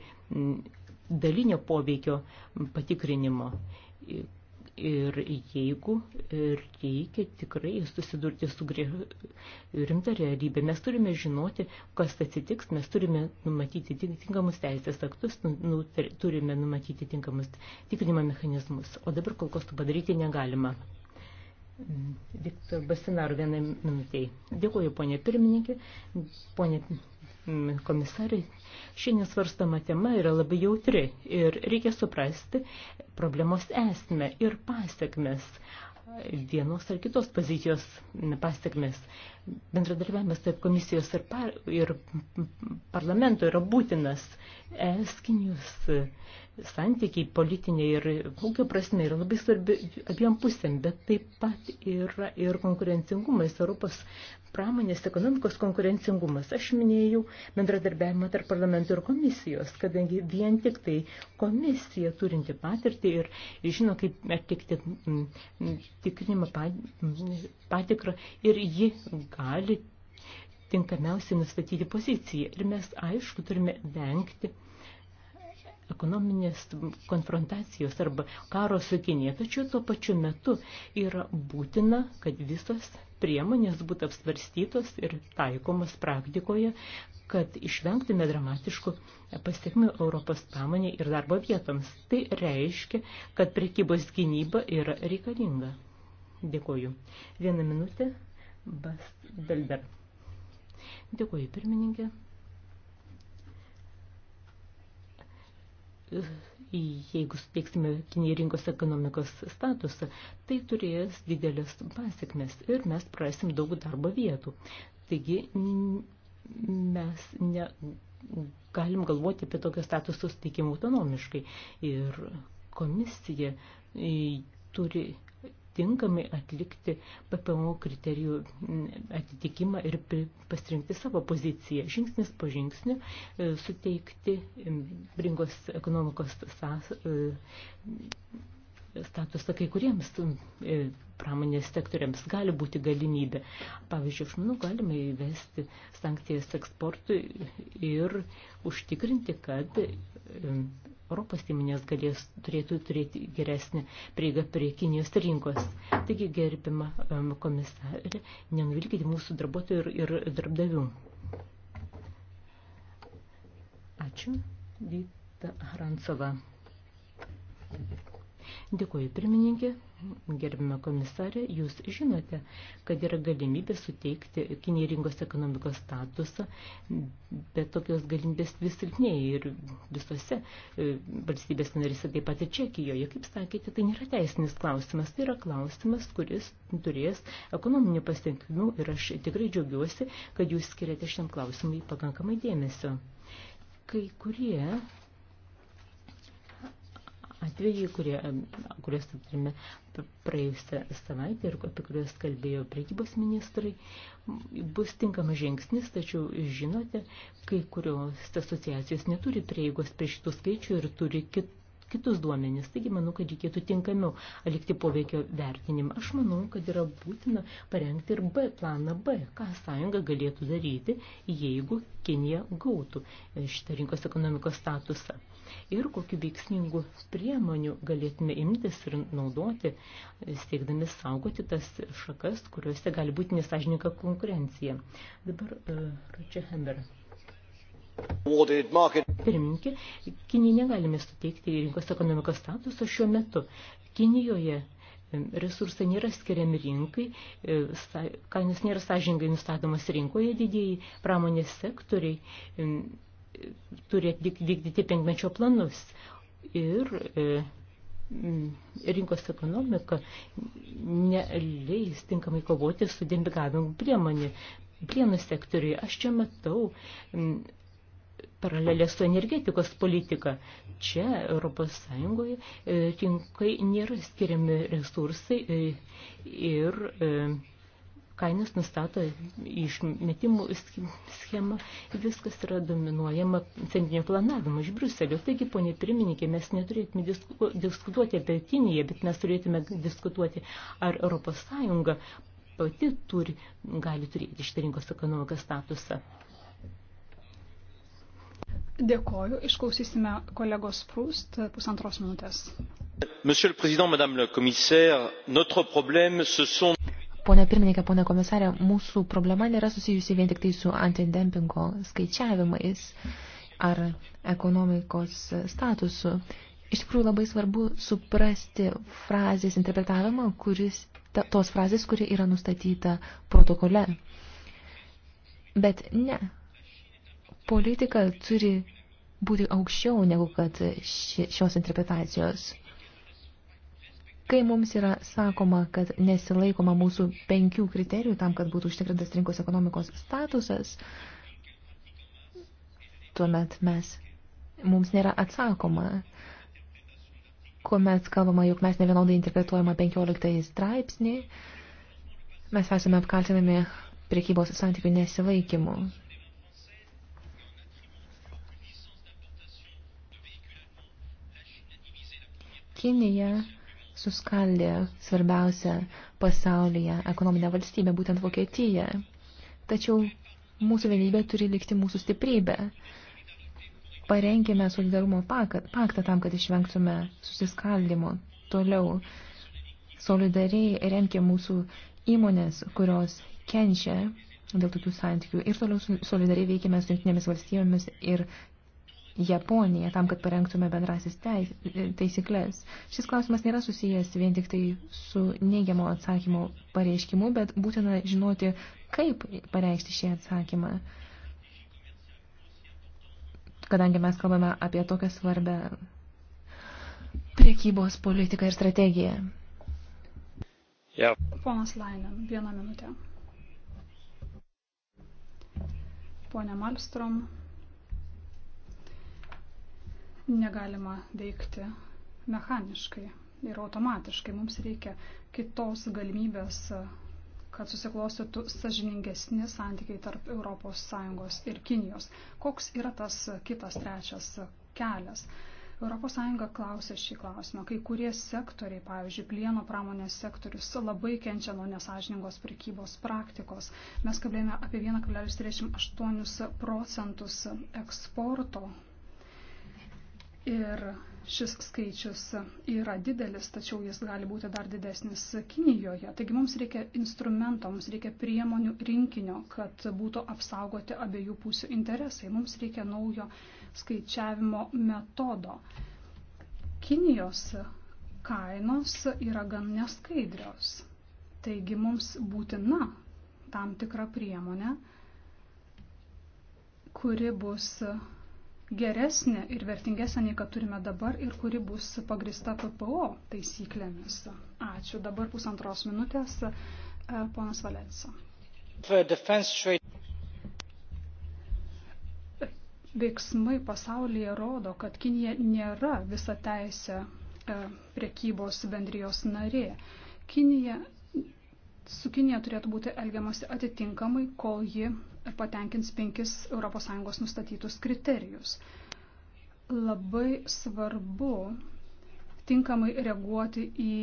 dalinio poveikio patikrinimo, ir jeigu reikia tikrai susidurti su grė... rimta realybė, mes turime žinoti, kas atsitiks, mes turime numatyti tinkamus teisės aktus, nu, nu tai turime numatyti tinkamus tikrinimo mechanizmus, o dabar kol kas to padaryti negalima. Viktor Basinaru vienai minutiai. Dėkuoju, ponė pirmininkė, ponė komisarai, šiandien svarstama tema yra labai jautri ir reikia suprasti problemos esmę ir pasiekmes vienos ar kitos pozicijos pasiekmes. Bendradarbiavimas tarp komisijos ir, par, ir parlamento yra būtinas. Es Kinijos santykiai politiniai ir ūkio prasme yra labai svarbi abiem pusėm, bet taip pat yra ir konkurencingumas, Europos pramonės ekonomikos konkurencingumas. Aš minėjau bendradarbiavimą tarp parlamento ir komisijos, kadangi vien tik tai komisija turinti patirtį ir žino, kaip atlikti tikrinimą patikrą ir ji gali tinkamiausiai nustatyti poziciją. Ir mes, aišku, turime vengti ekonominės konfrontacijos arba karo su Kinija. Tačiau tuo pačiu metu yra būtina, kad visos priemonės būtų apsvarstytos ir taikomos praktikoje, kad išvengtume dramatiškų pasiekmių Europos pramoniai ir darbo vietoms. Tai reiškia, kad prekybos gynyba yra reikalinga. Dėkoju. Vieną minutę. Bas Belber. Dėkoju, pirmininkė. jeigu suteiksime Kinijai rinkos ekonomikos statusą, tai turės didelės pasiekmes ir mes prasim daug darbo vietų. Taigi mes ne, galim galvoti apie tokio statuso suteikimą autonomiškai ir komisija e, turi tinkamai atlikti PPO kriterijų atitikimą ir pasirinkti savo poziciją, žingsnis po žingsnio e, suteikti rinkos ekonomikos e, statusą kai kuriems e, pramonės sektoriams gali būti galimybė. Pavyzdžiui, aš manau, galime įvesti sankcijas eksportui ir užtikrinti, kad Europos įmonės galės turėtų turėti geresnį prieigą prie Kinijos rinkos. Taigi, gerbima komisarė, nenuvilkite mūsų darbuotojų ir, ir darbdavių. Ačiū. Vita Hrancova. Thank you. Dėkuoju pirmininkė, gerbime komisarė, jūs žinote, kad yra galimybė suteikti Kinijai rinkos ekonomikos statusą, bet tokios galimybės vis silpnėja ir visose e, valstybės narėse, taip pat ir Čekijoje, kaip sakėte, tai nėra teisinis klausimas, tai yra klausimas, kuris turės ekonominių pasiekmių ir aš tikrai džiaugiuosi, kad jūs skiriate šiam klausimui pakankamai dėmesio. Kai kurie atvejai, kurie, kuriuos aptarėme praėjusią savaitę ir apie kuriuos kalbėjo prekybos ministrai, bus tinkamas žingsnis, tačiau žinote, kai kurios asociacijos neturi prieigos prie šitų skaičių ir turi kitų kitus duomenis. Taigi manau, kad reikėtų tinkamiau atlikti poveikio vertinimą. Aš manau, kad yra būtina parengti ir B planą B, ką sąjunga galėtų daryti, jeigu Kinija gautų šitą rinkos ekonomikos statusą ir kokiu veiksmingu priemonių galėtume imtis ir naudoti, siekdami saugoti tas šakas, kuriuose gali būti nesažininka konkurencija. Dabar uh, e, Roger Hember. Pirminkė, Kinijai negalime suteikti rinkos ekonomikos statuso šiuo metu. Kinijoje e, resursai nėra skiriami rinkai, e, kainos nėra sąžingai nustatomas rinkoje didėjai pramonės sektoriai turi vykdyti penkmečio planus. Ir e, rinkos ekonomika neleis tinkamai kovoti su dempingavimu priemonė. Plieno sektoriuje aš čia matau paralelė su energetikos politika. Čia Europos Sąjungoje e, rinkai nėra skiriami resursai e, ir, ir kainas nustato išmetimų schema, viskas yra dominuojama centrinio planavimo iš Bruselio. Taigi, ponė pirmininkė, mes neturėtume disku, diskutuoti apie Kiniją, bet mes turėtume diskutuoti, ar Europos Sąjunga pati turi, gali turėti šitą rinkos ekonomiką statusą. Dėkoju, išklausysime kolegos Prūst pusantros minutės. Monsieur le Président, Madame la Commissaire, notre problème, ce sont Pone pirmininkė, pone komisarė, mūsų problema nėra susijusi vien tik tai su antidempingo skaičiavimais ar ekonomikos statusu. Iš tikrųjų labai svarbu suprasti frazės interpretavimą, kuris, ta, tos frazės, kuri yra nustatyta protokole. Bet ne. Politika turi būti aukščiau negu kad ši, šios interpretacijos. Kai mums yra sakoma, kad nesilaikoma mūsų penkių kriterijų tam, kad būtų užtikrintas rinkos ekonomikos statusas, tuomet mes, mums nėra atsakoma, kuomet kalbama, jog mes nevienodai interpretuojama 15 straipsnį, mes esame apkaltinami priekybos santykių nesilaikymu. Kinija suskaldė svarbiausią pasaulyje ekonominę valstybę, būtent Vokietiją. Tačiau mūsų vienybė turi likti mūsų stiprybė. Parenkime solidarumo paktą tam, kad išvengtume susiskaldimo. Toliau solidariai remkia mūsų įmonės, kurios kenčia dėl tokių santykių. Ir toliau solidariai veikime su jungtinėmis valstybėmis ir Japoniją tam, kad parengtume bendrasis taisyklės. Šis klausimas nėra susijęs vien tik tai su neigiamo atsakymo pareiškimu, bet būtina žinoti, kaip pareikšti šį atsakymą. Kadangi mes kalbame apie tokią svarbę priekybos politiką ir strategiją. Ja. Ponas Lainen, vieną minutę. Pone Malmstrom, negalima veikti mechaniškai ir automatiškai. Mums reikia kitos galimybės, kad susiklostytų sažiningesni santykiai tarp ES ir Kinijos. Koks yra tas kitas trečias kelias? ES klausė šį klausimą. Kai kurie sektoriai, pavyzdžiui, plieno pramonės sektorius, labai kenčia nuo nesažiningos prekybos praktikos. Mes kalbėjome apie 1,38 procentus eksporto Ir šis skaičius yra didelis, tačiau jis gali būti dar didesnis Kinijoje. Taigi mums reikia instrumento, mums reikia priemonių rinkinio, kad būtų apsaugoti abiejų pusių interesai. Mums reikia naujo skaičiavimo metodo. Kinijos kainos yra gan neskaidrios. Taigi mums būtina tam tikra priemonė, kuri bus geresnė ir vertingesnė, nei kad turime dabar ir kuri bus pagrista PPO taisyklėmis. Ačiū. Dabar pusantros minutės. E, ponas Valensa. Veiksmai pasaulyje rodo, kad Kinija nėra visa teisė e, priekybos bendrijos narė. Kinija, su Kinija turėtų būti elgiamasi atitinkamai, kol ji patenkins penkis ES nustatytus kriterijus. Labai svarbu tinkamai reaguoti į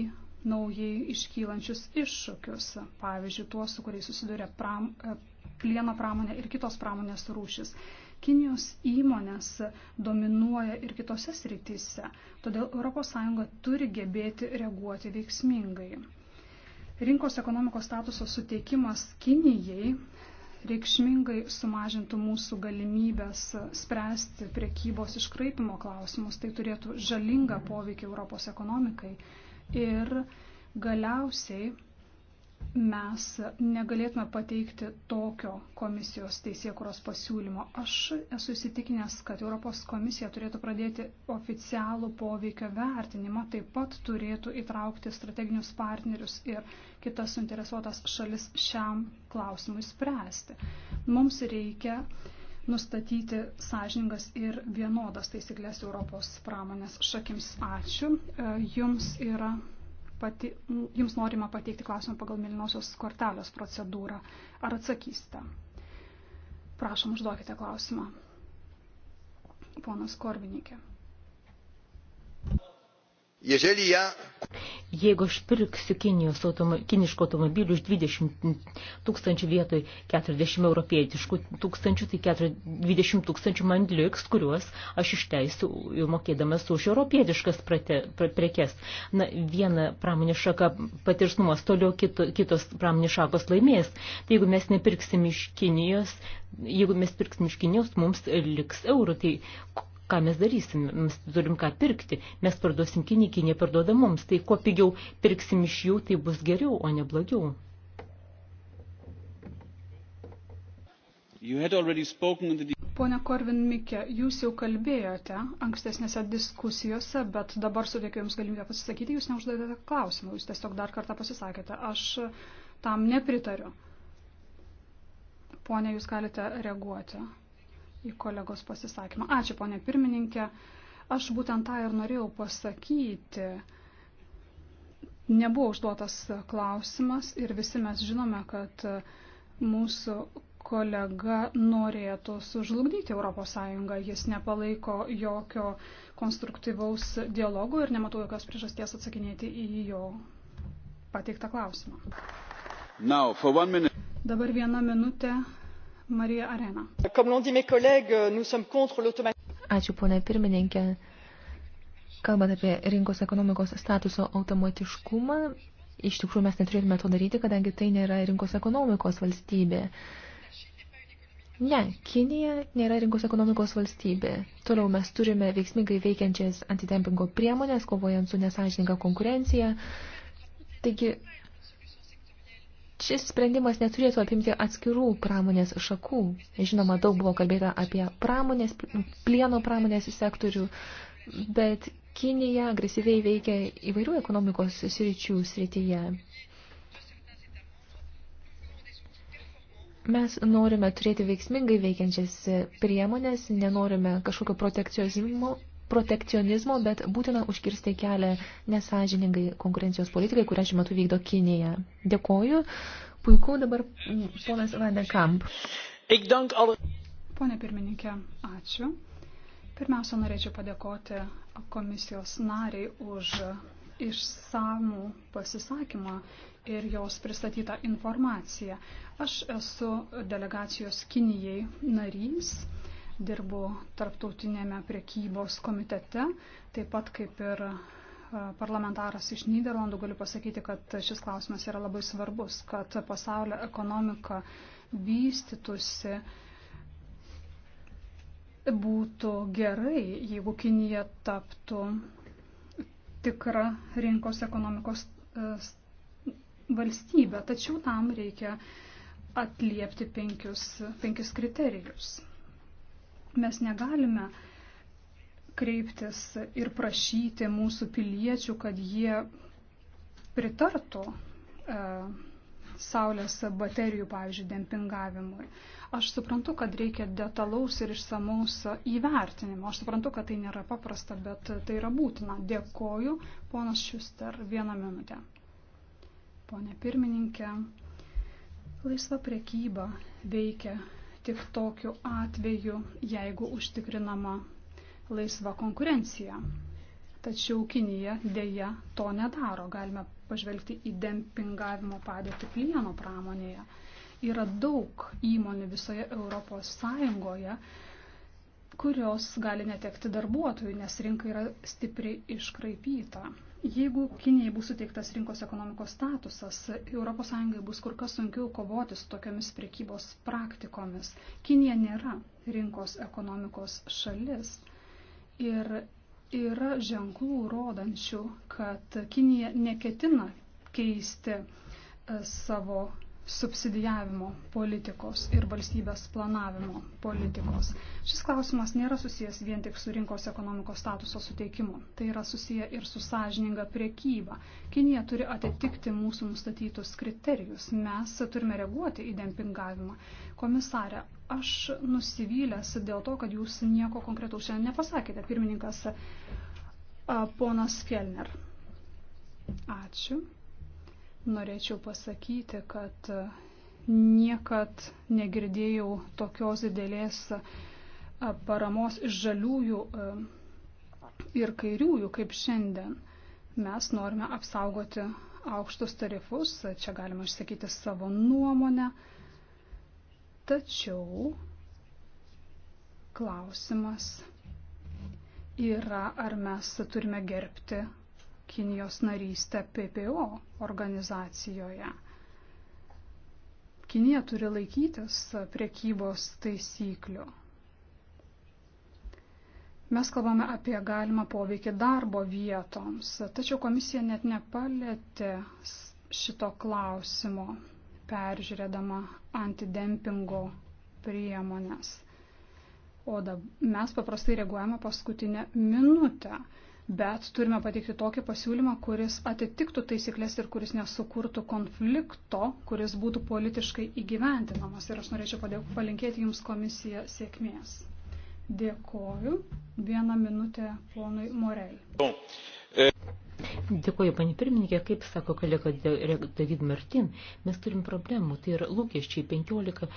naujai iškylančius iššūkius, pavyzdžiui, tuos, su kuriais susiduria pram, plieno pramonė ir kitos pramonės rūšis. Kinijos įmonės dominuoja ir kitose srityse, todėl ES turi gebėti reaguoti veiksmingai. Rinkos ekonomikos statuso suteikimas Kinijai reikšmingai sumažintų mūsų galimybės spręsti priekybos iškraipimo klausimus, tai turėtų žalingą poveikį Europos ekonomikai ir galiausiai mes negalėtume pateikti tokio komisijos teisėkuros pasiūlymo. Aš esu įsitikinęs, kad Europos komisija turėtų pradėti oficialų poveikio vertinimą, taip pat turėtų įtraukti strateginius partnerius ir kitas suinteresuotas šalis šiam klausimui spręsti. Mums reikia nustatyti sąžiningas ir vienodas taisyklės Europos pramonės šakims. Ačiū. Jums yra pati, jums norima pateikti klausimą pagal mėlynosios kortelės procedūrą. Ar atsakysite? Prašom, užduokite klausimą. Ponas Korvinikė. Jeżeli ja... Jeigu aš pirksiu Kinijos automo, kiniško automobilių už 20 tūkstančių vietoj 40 europietiškų tūkstančių, tai 40, 20 tūkstančių man liks, kuriuos aš išteisiu mokėdamas už europietiškas prate, prekes. Na, viena pramonė šaka patirs nuostolio, kito, kitos pramonė šakos laimės. Tai jeigu mes nepirksim iš Kinijos, jeigu mes pirksim iš Kinijos, mums liks eurų. Tai ką mes darysim, mes turim ką pirkti, mes parduosim Kinį, Kinė parduoda mums, tai kuo pigiau pirksim iš jų, tai bus geriau, o ne blogiau. The... Pone Korvin Mikė, jūs jau kalbėjote ankstesnėse diskusijose, bet dabar suteikiu Jums galimybę pasisakyti, Jūs neuždavėte klausimų, Jūs tiesiog dar kartą pasisakėte. Aš tam nepritariu. Pone, Jūs galite reaguoti į kolegos pasisakymą. Ačiū, ponė pirmininkė. Aš būtent tą ir norėjau pasakyti. Nebuvo užduotas klausimas ir visi mes žinome, kad mūsų kolega norėtų sužlugdyti ES. Jis nepalaiko jokio konstruktyvaus dialogo ir nematau jokios priežasties atsakinėti į jo pateiktą klausimą. Now, Dabar viena minutė Marija Arena. Euh, Ačiū, ponė pirmininkė. Kalbant apie rinkos ekonomikos statuso automatiškumą, iš tikrųjų mes neturėtume to daryti, kadangi tai nėra rinkos ekonomikos valstybė. Ne, Kinija nėra rinkos ekonomikos valstybė. Toliau mes turime veiksmingai veikiančias antidempingo priemonės, kovojant su nesažininga konkurencija. Taigi Šis sprendimas neturėtų apimti atskirų pramonės šakų. Žinoma, daug buvo kalbėta apie pramonės, plieno pramonės sektorių, bet Kinija agresyviai veikia įvairių ekonomikos sričių srityje. Mes norime turėti veiksmingai veikiančias priemonės, nenorime kažkokio protekcionizmo, protekcionizmo, bet būtina užkirsti kelią nesažiningai konkurencijos politikai, kurią šiuo metu vykdo Kinėje. Dėkoju. Puiku dabar mm, ponas Vandekamp. Pone pirmininkė, ačiū. Pirmiausia, norėčiau padėkoti komisijos nariai už išsamų pasisakymą ir jos pristatytą informaciją. Aš esu delegacijos Kinijai narys dirbu tarptautinėme priekybos komitete, taip pat kaip ir e, parlamentaras iš Niderlandų galiu pasakyti, kad šis klausimas yra labai svarbus, kad pasaulio ekonomika vystytųsi būtų gerai, jeigu Kinija taptų tikrą rinkos ekonomikos e, valstybę. Tačiau tam reikia atliepti penkius, penkis kriterijus. Mes negalime kreiptis ir prašyti mūsų piliečių, kad jie pritartų e, saulės baterijų, pavyzdžiui, dempingavimui. Aš suprantu, kad reikia detalaus ir išsamaus įvertinimo. Aš suprantu, kad tai nėra paprasta, bet tai yra būtina. Dėkoju, ponas Šuster, vieną minutę. Pone pirmininkė, laisva priekyba veikia tik tokiu atveju, jeigu užtikrinama laisva konkurencija. Tačiau Kinija dėja to nedaro. Galime pažvelgti į dempingavimo padėtį plieno pramonėje. Yra daug įmonių visoje Europos Sąjungoje, kurios gali netekti darbuotojų, nes rinka yra stipriai iškraipyta. Jeigu Kinijai bus suteiktas rinkos ekonomikos statusas, ES bus kur kas sunkiau kovoti su tokiamis priekybos praktikomis. Kinija nėra rinkos ekonomikos šalis ir yra ženklų rodančių, kad Kinija neketina keisti e, savo subsidijavimo politikos ir valstybės planavimo politikos. Šis klausimas nėra susijęs vien tik su rinkos ekonomikos statuso suteikimu. Tai yra susiję ir su sąžininga priekyba. Kinija turi atitikti mūsų nustatytus kriterijus. Mes turime reaguoti į dempingavimą. Komisarė, aš nusivylęs dėl to, kad jūs nieko konkretaus šiandien nepasakėte, pirmininkas ponas Kelner. Ačiū norėčiau pasakyti, kad niekad negirdėjau tokios didelės paramos iš žaliųjų ir kairiųjų kaip šiandien. Mes norime apsaugoti aukštus tarifus, čia galima išsakyti savo nuomonę, tačiau klausimas yra, ar mes turime gerbti Kinijos narystę PPO organizacijoje. Kinija turi laikytis priekybos taisyklių. Mes kalbame apie galimą poveikį darbo vietoms, tačiau komisija net nepalėtė šito klausimo, peržiūrėdama antidempingo priemonės. O dab, mes paprastai reaguojame paskutinę minutę bet turime pateikti tokį pasiūlymą, kuris atitiktų taisyklės ir kuris nesukurtų konflikto, kuris būtų politiškai įgyventinamas. Ir aš norėčiau padėk, palinkėti Jums komisiją sėkmės. Dėkoju. Vieną minutę ponui Morel. Dėkuoju, pani pirmininkė, kaip sako kolega David Martin, mes turim problemų, tai yra lūkesčiai, 15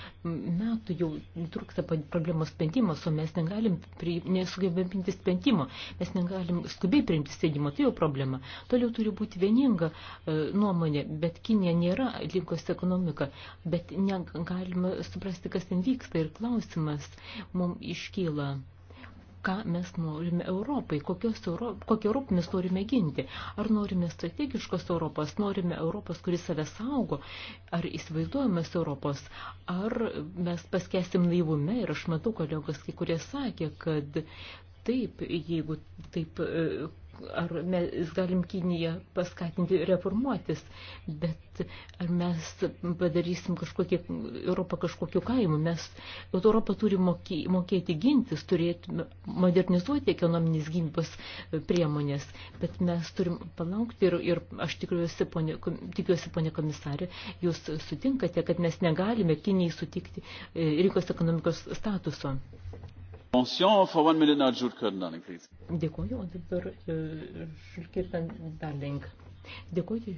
metų jau trūksta problemos sprendimas, o mes negalim, pri... nesugebėm priimti sprendimo, mes negalim skubiai priimti sprendimo, tai jau problema. Toliau turi būti vieninga e, nuomonė, bet Kinė nėra linkos ekonomika, bet negalima suprasti, kas ten vyksta ir klausimas mums iškyla ką mes norime Europai, Euro, kokią Europą mes norime ginti. Ar norime strategiškos Europos, norime Europos, kuris save saugo, ar įsivaizduojamės Europos, ar mes paskesim naivume ir aš matau kolegos, kai kurie sakė, kad taip, jeigu taip e, ar mes galim Kiniją paskatinti reformuotis, bet ar mes padarysim kažkokį, Europą kažkokiu kaimu, mes, Europą turi moky, mokėti gintis, turėti modernizuoti ekonominės gynybos priemonės, bet mes turim palaukti ir, ir aš tikiuosi, ponė, tikiuosi, ponė komisarė, jūs sutinkate, kad mes negalime Kinijai sutikti e, rinkos ekonomikos statuso. Dėkuoju, o dabar Kirtan e, Darling. Dėkuoju.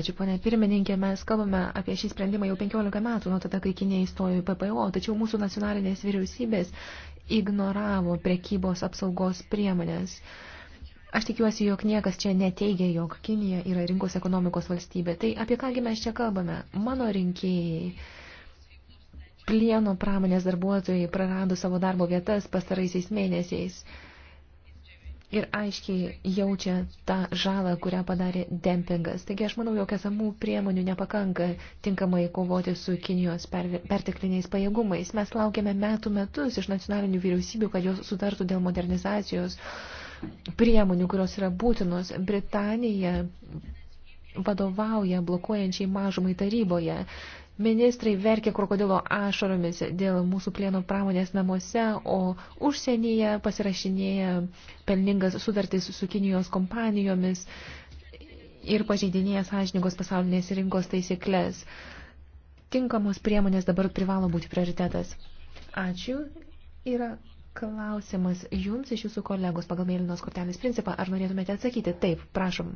Ačiū, ponė pirmininkė, mes kalbame apie šį sprendimą jau 15 metų, nuo tada, kai Kinė įstojo į PPO, tačiau mūsų nacionalinės vyriausybės ignoravo prekybos apsaugos priemonės. Aš tikiuosi, jog niekas čia neteigia, jog Kinija yra rinkos ekonomikos valstybė. Tai apie kągi mes čia kalbame? Mano rinkėjai Plieno pramonės darbuotojai prarado savo darbo vietas pastaraisiais mėnesiais ir aiškiai jaučia tą žalą, kurią padarė dempingas. Taigi aš manau, jog esamų priemonių nepakanka tinkamai kovoti su Kinijos per, pertekliniais pajėgumais. Mes laukiame metų metus iš nacionalinių vyriausybių, kad jos sutartų dėl modernizacijos priemonių, kurios yra būtinos. Britanija vadovauja blokuojančiai mažumai taryboje. Ministrai verkė krokodilo ašaromis dėl mūsų plieno pramonės namuose, o užsienyje pasirašinėja pelningas sutartis su Kinijos kompanijomis ir pažeidinėja sąžiningos pasaulinės rinkos taisyklės. Tinkamos priemonės dabar privalo būti prioritetas. Ačiū. Yra klausimas jums iš jūsų kolegos pagal mėlynos kortelės principą. Ar norėtumėte atsakyti? Taip, prašom.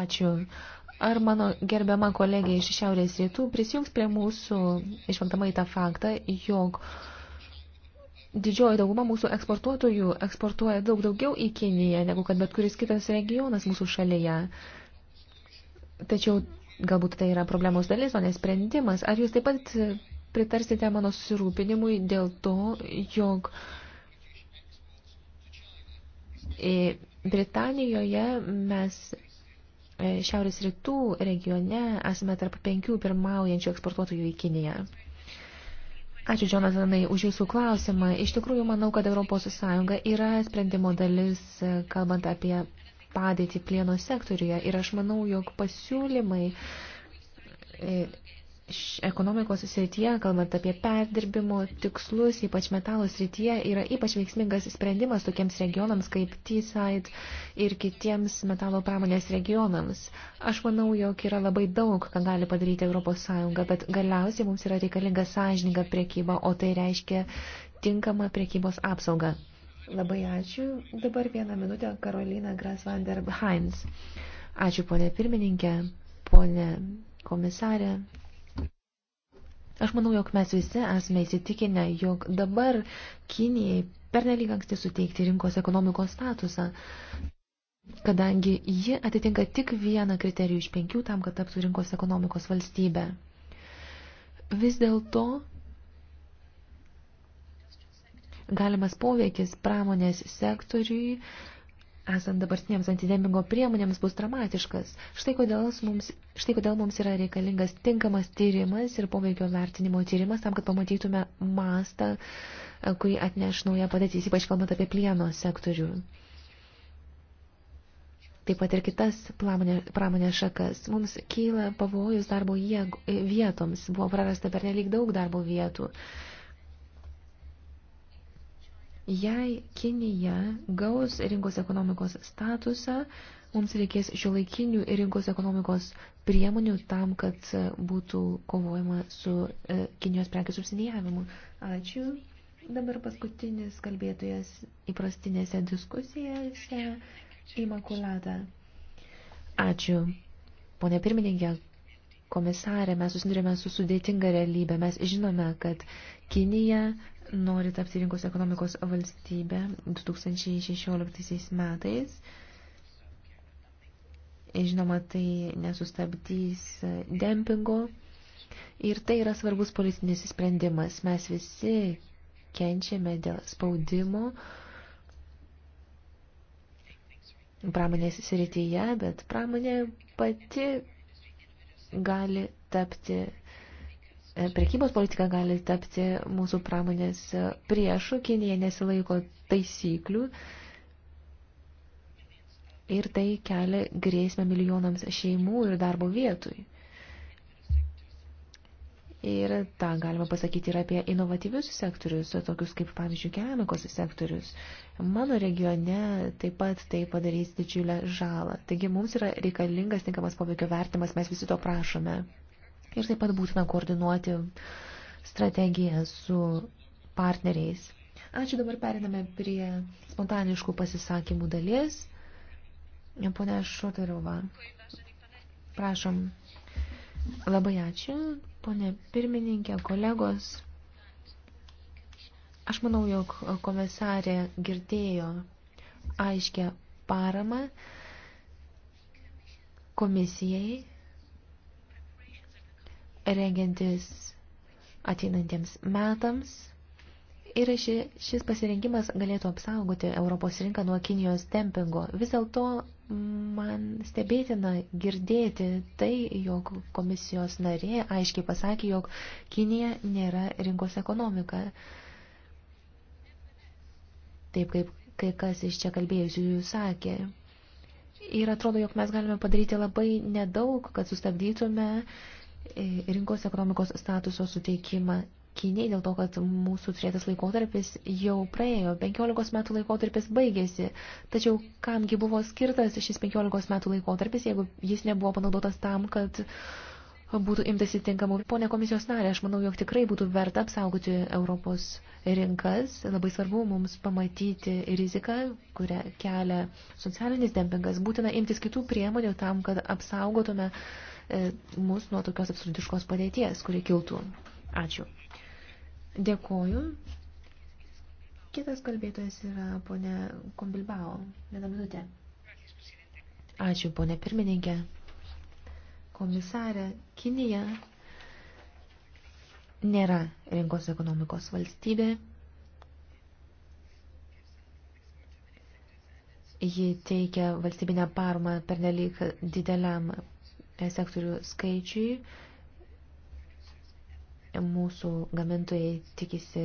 Ačiū. Ar mano gerbiama kolegė iš Šiaurės Rytų prisijungs prie mūsų, išvengdama į tą faktą, jog didžioji dauguma mūsų eksportuotojų eksportuoja daug daugiau į Kiniją, negu kad bet kuris kitas regionas mūsų šalyje. Tačiau galbūt tai yra problemos dalis, o ne sprendimas. Ar jūs taip pat pritarsite mano susirūpinimui dėl to, jog Britanijoje mes E, šiaurės rytų regione esame tarp penkių pirmaujančių eksportuotojų į Kiniją. Ačiū, Jonatanai, už jūsų klausimą. Iš tikrųjų, manau, kad Europos Sąjunga yra sprendimo dalis, e, kalbant apie padėtį plieno sektoriuje. Ir aš manau, jog pasiūlymai e, ekonomikos srityje, kalbant apie perdirbimo tikslus, ypač metalų srityje, yra ypač veiksmingas sprendimas tokiems regionams kaip T-Side ir kitiems metalo pramonės regionams. Aš manau, jog yra labai daug, ką gali padaryti ES, bet galiausiai mums yra reikalinga sąžininga priekyba, o tai reiškia tinkamą priekybos apsaugą. Labai ačiū. Dabar vieną minutę Karolina Grasvander Heinz. Ačiū, ponė pirmininkė, ponė komisarė, Aš manau, jog mes visi esame įsitikinę, jog dabar Kinijai pernelyg anksti suteikti rinkos ekonomikos statusą, kadangi ji atitinka tik vieną kriterijų iš penkių tam, kad taptų rinkos ekonomikos valstybė. Vis dėlto galimas poveikis pramonės sektoriui esant dabartiniams antidempingo priemonėms bus dramatiškas. Štai kodėl, mums, štai kodėl mums yra reikalingas tinkamas tyrimas ir poveikio vertinimo tyrimas, tam, kad pamatytume mastą, e, kurį atneš nauja padėtis, ypač kalbant apie plieno sektorių. Taip pat ir kitas pramonės šakas. Mums kyla pavojus darbo vietoms. Buvo prarasta per nelik daug darbo vietų. Uh, Jei Kinija gaus rinkos ekonomikos statusą, mums reikės šiuolaikinių rinkos ekonomikos priemonių tam, kad būtų kovojama su e, Kinijos prekių subsidijavimu. Ačiū. Dabar paskutinis kalbėtojas įprastinėse diskusijose Imakulata. Ačiū. Pone pirmininkė, komisarė, mes susidurėme su sudėtinga realybė. Mes žinome, kad Kinija nori tapti rinkos ekonomikos valstybę 2016 metais. Žinoma, tai nesustabdys dempingo. Ir tai yra svarbus politinis sprendimas. Mes visi kenčiame dėl spaudimo pramonės srityje, bet pramonė pati gali tapti prekybos politika gali tapti mūsų pramonės priešų, Kinija nesilaiko taisyklių ir tai kelia grėsmę milijonams šeimų ir darbo vietui. Ir tą galima pasakyti ir apie inovatyvius sektorius, tokius kaip, pavyzdžiui, keramikos sektorius. Mano regione taip pat tai padarys didžiulę žalą. Taigi mums yra reikalingas tinkamas poveikio vertimas, mes visi to prašome ir taip pat būtina koordinuoti strategiją su partneriais. Ačiū, dabar periname prie spontaniškų pasisakymų dalies. Pone Šotarova, prašom. Labai ačiū, ponė pirmininkė, kolegos. Aš manau, jog komisarė girdėjo aiškę paramą komisijai rengiantis ateinantiems metams. Ir ši, šis pasirinkimas galėtų apsaugoti Europos rinką nuo Kinijos dempingo. Vis dėlto mm, man stebėtina girdėti tai, jog komisijos narė aiškiai pasakė, jog Kinija nėra rinkos ekonomika. Taip kaip kai kas iš čia kalbėjusių sakė. Ir atrodo, jog mes galime padaryti labai nedaug, kad sustabdytume uh, rinkos ekonomikos statuso suteikimą Kinijai dėl to, kad mūsų turėtas laikotarpis jau praėjo. 15 metų laikotarpis baigėsi. Tačiau kamgi buvo skirtas šis 15 metų laikotarpis, jeigu jis nebuvo panaudotas tam, kad būtų imtasi tinkamų. Pone komisijos narė, aš manau, jog tikrai būtų verta apsaugoti Europos rinkas. Labai svarbu mums pamatyti riziką, kurią kelia socialinis dempingas. Būtina imtis kitų priemonių tam, kad apsaugotume uh, E, mus nuo tokios absurdiškos padėties, kuri kiltų. Ačiū. Dėkoju. Kitas kalbėtojas yra ponė Kombilbao. Vieną minutę. Ačiū, ponė pirmininkė. Komisarė, Kinija nėra rinkos ekonomikos valstybė. Ji teikia valstybinę parmą pernelyg dideliam E, sektorių skaičiui. Mūsų gamintojai tikisi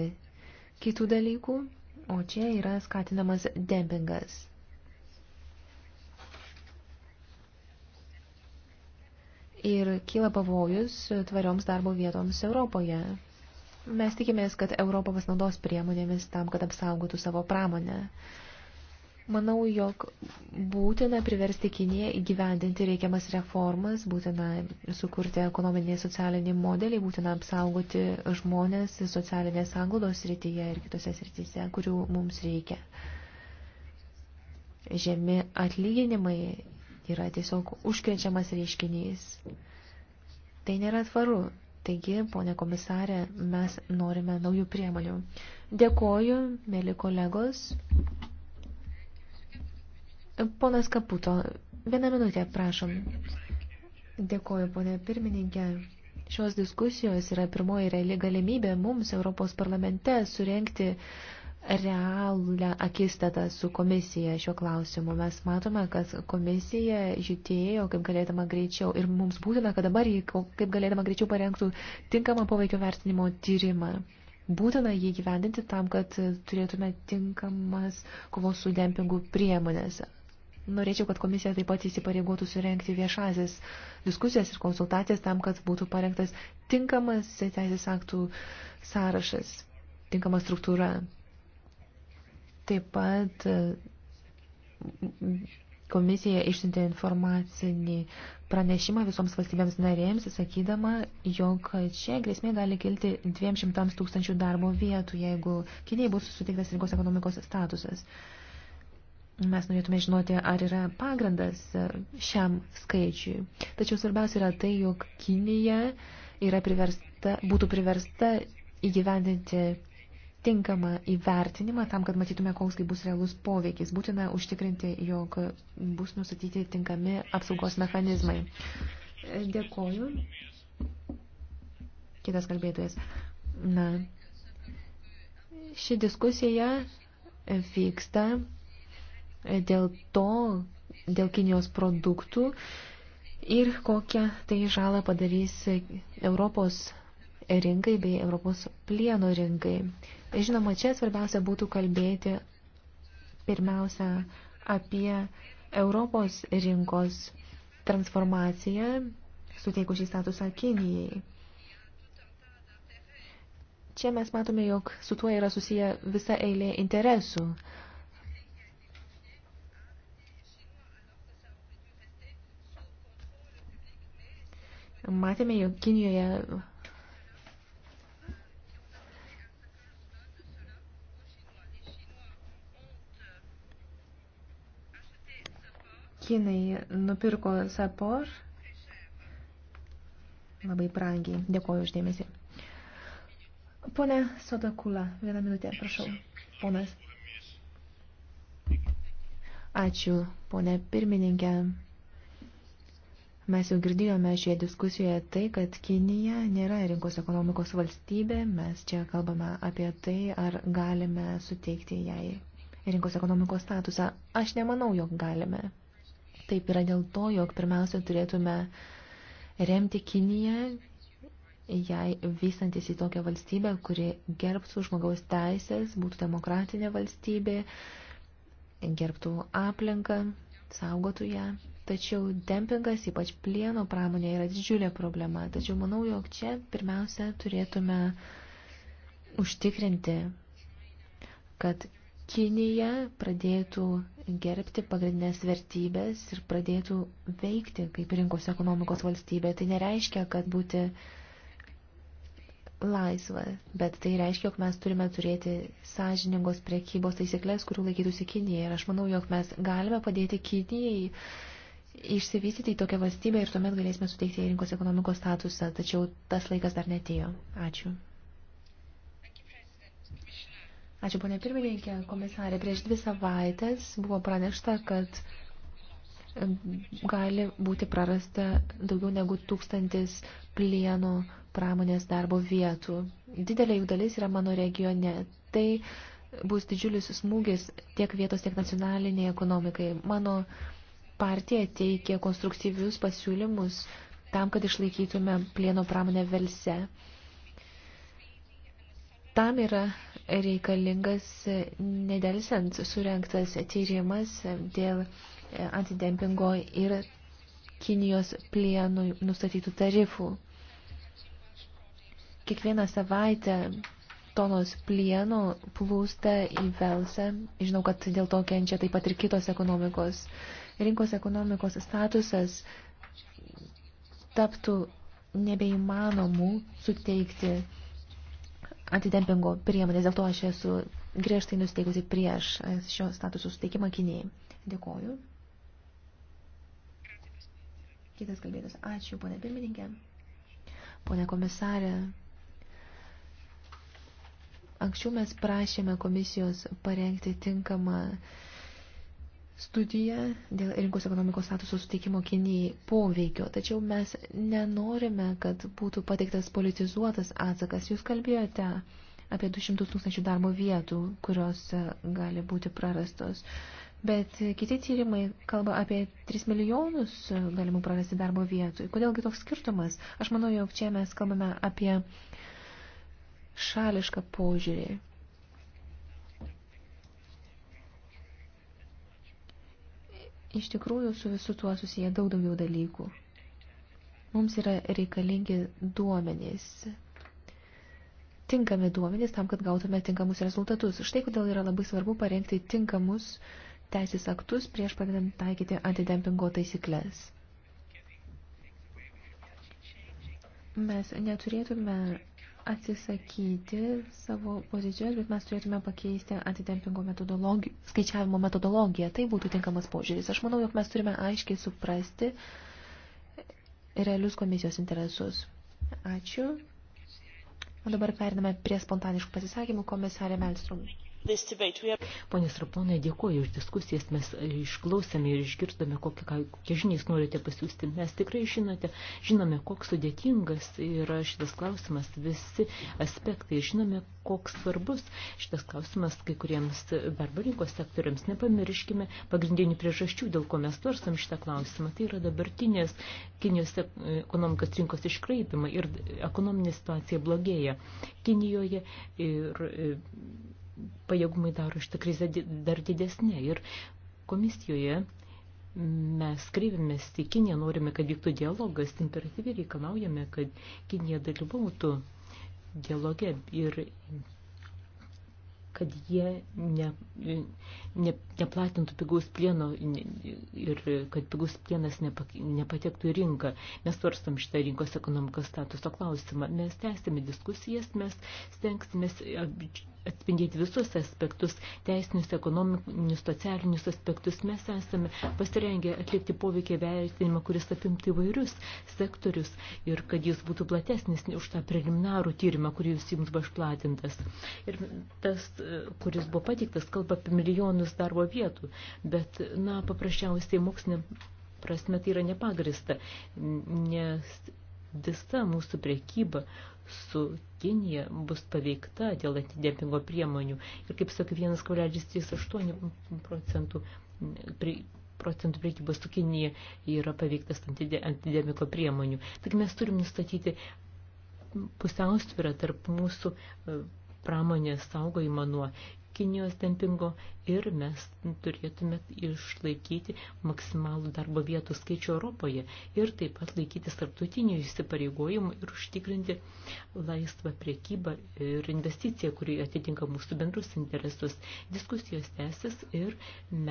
kitų dalykų, o čia yra skatinamas dempingas. Ir kyla pavojus tvarioms darbo vietoms Europoje. Mes tikimės, kad Europa pasinaudos priemonėmis tam, kad apsaugotų savo pramonę. Manau, jog būtina priversti Kiniją įgyvendinti reikiamas reformas, būtina sukurti ekonominį socialinį modelį, būtina apsaugoti žmonės socialinės anglodos srityje ir kitose srityse, kurių mums reikia. Žemi atlyginimai yra tiesiog užkrečiamas reiškinys. Tai nėra tvaru. Taigi, ponė komisarė, mes norime naujų priemonių. Dėkoju, mėly kolegos. Ponas Kaputo, vieną minutę, prašom. Dėkoju, ponė pirmininkė. Šios diskusijos yra pirmoji reali galimybė mums Europos parlamente surenkti realią akistatą su komisija šiuo klausimu. Mes matome, kad komisija žytėjo kaip galėdama greičiau ir mums būtina, kad dabar jį kaip galėdama greičiau parengtų tinkamą poveikio vertinimo tyrimą. Būtina jį gyvendinti tam, kad turėtume tinkamas kovos su dempingu priemonės. Norėčiau, kad komisija taip pat įsipareigotų surenkti viešasias diskusijas ir konsultacijas tam, kad būtų parengtas tinkamas teisės aktų sąrašas, tinkama struktūra. Taip pat mm, komisija išsintė informacinį pranešimą visoms valstybėms narėms, sakydama, jog čia grėsmė gali kilti 200 tūkstančių darbo vietų, jeigu Kinijai bus suteiktas rinkos ekonomikos statusas. Uh, Mes norėtume žinoti, ar yra pagrindas e, šiam skaičiui. Tačiau svarbiausia yra tai, jog Kinija yra priversta, būtų priversta įgyvendinti tinkamą įvertinimą tam, kad matytume, koksgi tai bus realus poveikis. Būtina užtikrinti, jog bus nusatyti tinkami apsaugos mechanizmai. Dėkoju. Kitas kalbėtojas. Na, ši diskusija vyksta dėl to, dėl Kinijos produktų ir kokią tai žalą padarys Europos rinkai bei Europos plieno rinkai. Žinoma, čia svarbiausia būtų kalbėti pirmiausia apie Europos rinkos transformaciją, suteikus šį statusą Kinijai. Čia mes matome, jog su tuo yra susiję visa eilė interesų. Matėme, jog Kinijoje kinai nupirko Sapor labai brangiai. Dėkoju uždėmesi. Pone Sodakula, vieną minutę, prašau. Ponas. Ačiū, ponė pirmininkė. Mes jau girdėjome šioje diskusijoje tai, kad Kinija nėra rinkos ekonomikos valstybė. Mes čia kalbame apie tai, ar galime suteikti jai rinkos ekonomikos statusą. Aš nemanau, jog galime. Taip yra dėl to, jog pirmiausia turėtume remti Kiniją, jai vystantis į tokią valstybę, kuri gerbtų žmogaus teisės, būtų demokratinė valstybė, gerbtų aplinką, saugotų ją. Tačiau dempingas, ypač plieno pramonė, yra didžiulė problema. Tačiau manau, jog čia pirmiausia turėtume užtikrinti, kad Kinija pradėtų gerbti pagrindinės vertybės ir pradėtų veikti kaip rinkos ekonomikos valstybė. Tai nereiškia, kad būti laisva, bet tai reiškia, jog mes turime turėti sąžiningos priekybos taisyklės, kurių laikytųsi Kinija. Ir aš manau, jog mes galime padėti Kinijai išsivystyti į tokią valstybę ir tuomet galėsime suteikti rinkos ekonomikos statusą, tačiau tas laikas dar netėjo. Ačiū. Ačiū, ponė pirmininkė, komisarė. Prieš dvi savaitės buvo pranešta, kad gali būti prarasta daugiau negu tūkstantis plieno pramonės darbo vietų. Didelė jų dalis yra mano regione. Tai bus didžiulis smūgis tiek vietos, tiek nacionaliniai ekonomikai. Mano uh, partija teikė konstruktyvius pasiūlymus tam, kad išlaikytume plieno pramonę velse. Tam yra reikalingas nedelsiant surenktas tyrimas dėl e, antidempingo ir Kinijos plienų nustatytų tarifų. Kiekvieną savaitę tonos plieno plūsta į Velsą. Žinau, kad dėl to kenčia taip pat ir kitos ekonomikos rinkos ekonomikos statusas taptų nebeįmanomų suteikti antidempingo priemonės. Dėl to aš esu griežtai nusteikusi prieš šio statuso suteikimą Kinijai. Dėkoju. Kitas kalbėtas. Ačiū, ponė pirmininkė. Pone komisarė, anksčiau mes prašėme komisijos parengti tinkamą uh, studiją dėl rinkos ekonomikos statuso suteikimo Kinijai poveikio, tačiau mes nenorime, kad būtų pateiktas politizuotas atsakas. Jūs kalbėjote apie 200 tūkstančių darbo vietų, kurios e, gali būti prarastos, bet kiti tyrimai kalba apie 3 milijonus e, galimų prarasti darbo vietų. Kodėlgi toks skirtumas? Aš manau, jog čia mes kalbame apie šališką požiūrį Iš tikrųjų, su visu tuo susiję daug daugiau dalykų. Mums yra reikalingi duomenys. Tinkami duomenys tam, kad gautume tinkamus rezultatus. Štai kodėl yra labai svarbu parengti tinkamus teisės aktus prieš pradedant taikyti antidempingo taisyklės. Mes neturėtume atsisakyti savo pozicijos, bet mes turėtume pakeisti antidempingo metodologi skaičiavimo metodologiją. Tai būtų tinkamas požiūris. Aš manau, jog mes turime aiškiai suprasti realius komisijos interesus. Ačiū. O dabar periname prie spontaniškų pasisakymų komisarė Melstrom. Ponės ir ponai, dėkuoju už diskusijas, mes išklausėme ir išgirdome, kokie, kokie žiniais norite pasiūsti. Mes tikrai žinote, žinome, koks sudėtingas yra šitas klausimas, visi aspektai, žinome, koks svarbus šitas klausimas kai kuriems darbo rinkos sektoriams. Nepamirškime pagrindinių priežasčių, dėl ko mes svarstam šitą klausimą. Tai yra dabartinės Kinijos e, ekonomikos rinkos iškraipimai ir ekonominė situacija blogėja Kinijoje ir e, pajėgumai daro šitą krizę dar didesnė. Ir komisijoje mes kreipiamės į Kiniją, norime, kad vyktų dialogas, imperatyviai reikalaujame, kad Kinija dalyvautų dialoge ir kad jie ne, ne, neplatintų pigaus plieno ir kad pigus plienas nepak, nepatektų į rinką. Mes svarstam šitą rinkos ekonomikos statuso klausimą. Mes tęsime diskusijas, mes stengsimės atspindėti visus aspektus, teisinius, ekonominius, socialinius aspektus. Mes esame pasirengę atlikti poveikį vertinimą, kuris apimtų įvairius sektorius ir kad jis būtų platesnis už tą preliminarų tyrimą, kuris jums buvo išplatintas. Ir tas, kuris buvo patiktas, kalba apie milijonus darbo vietų, bet, na, paprasčiausiai mokslinė prasme tai yra nepagrista, nes visa mūsų priekyba, su Kinija bus paveikta dėl antidempingo priemonių. Ir kaip sakė, 1,38 procentų prie procentų priekybos su Kinija yra paveiktas antidemiko priemonių. Tik mes turim nustatyti pusiausvyrą tarp mūsų e, pramonės saugojimo nuo Kinijos dempingo ir mes turėtume išlaikyti maksimalų darbo vietų skaičių Europoje ir taip pat laikytis tarptautinių įsipareigojimų ir užtikrinti laisvą priekybą ir investiciją, kuri atitinka mūsų bendrus interesus. Diskusijos tęsis ir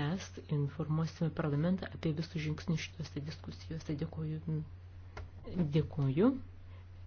mes informuosime parlamentą apie visus žingsnius šitose diskusijose. Dėkuoju. Dėkuoju.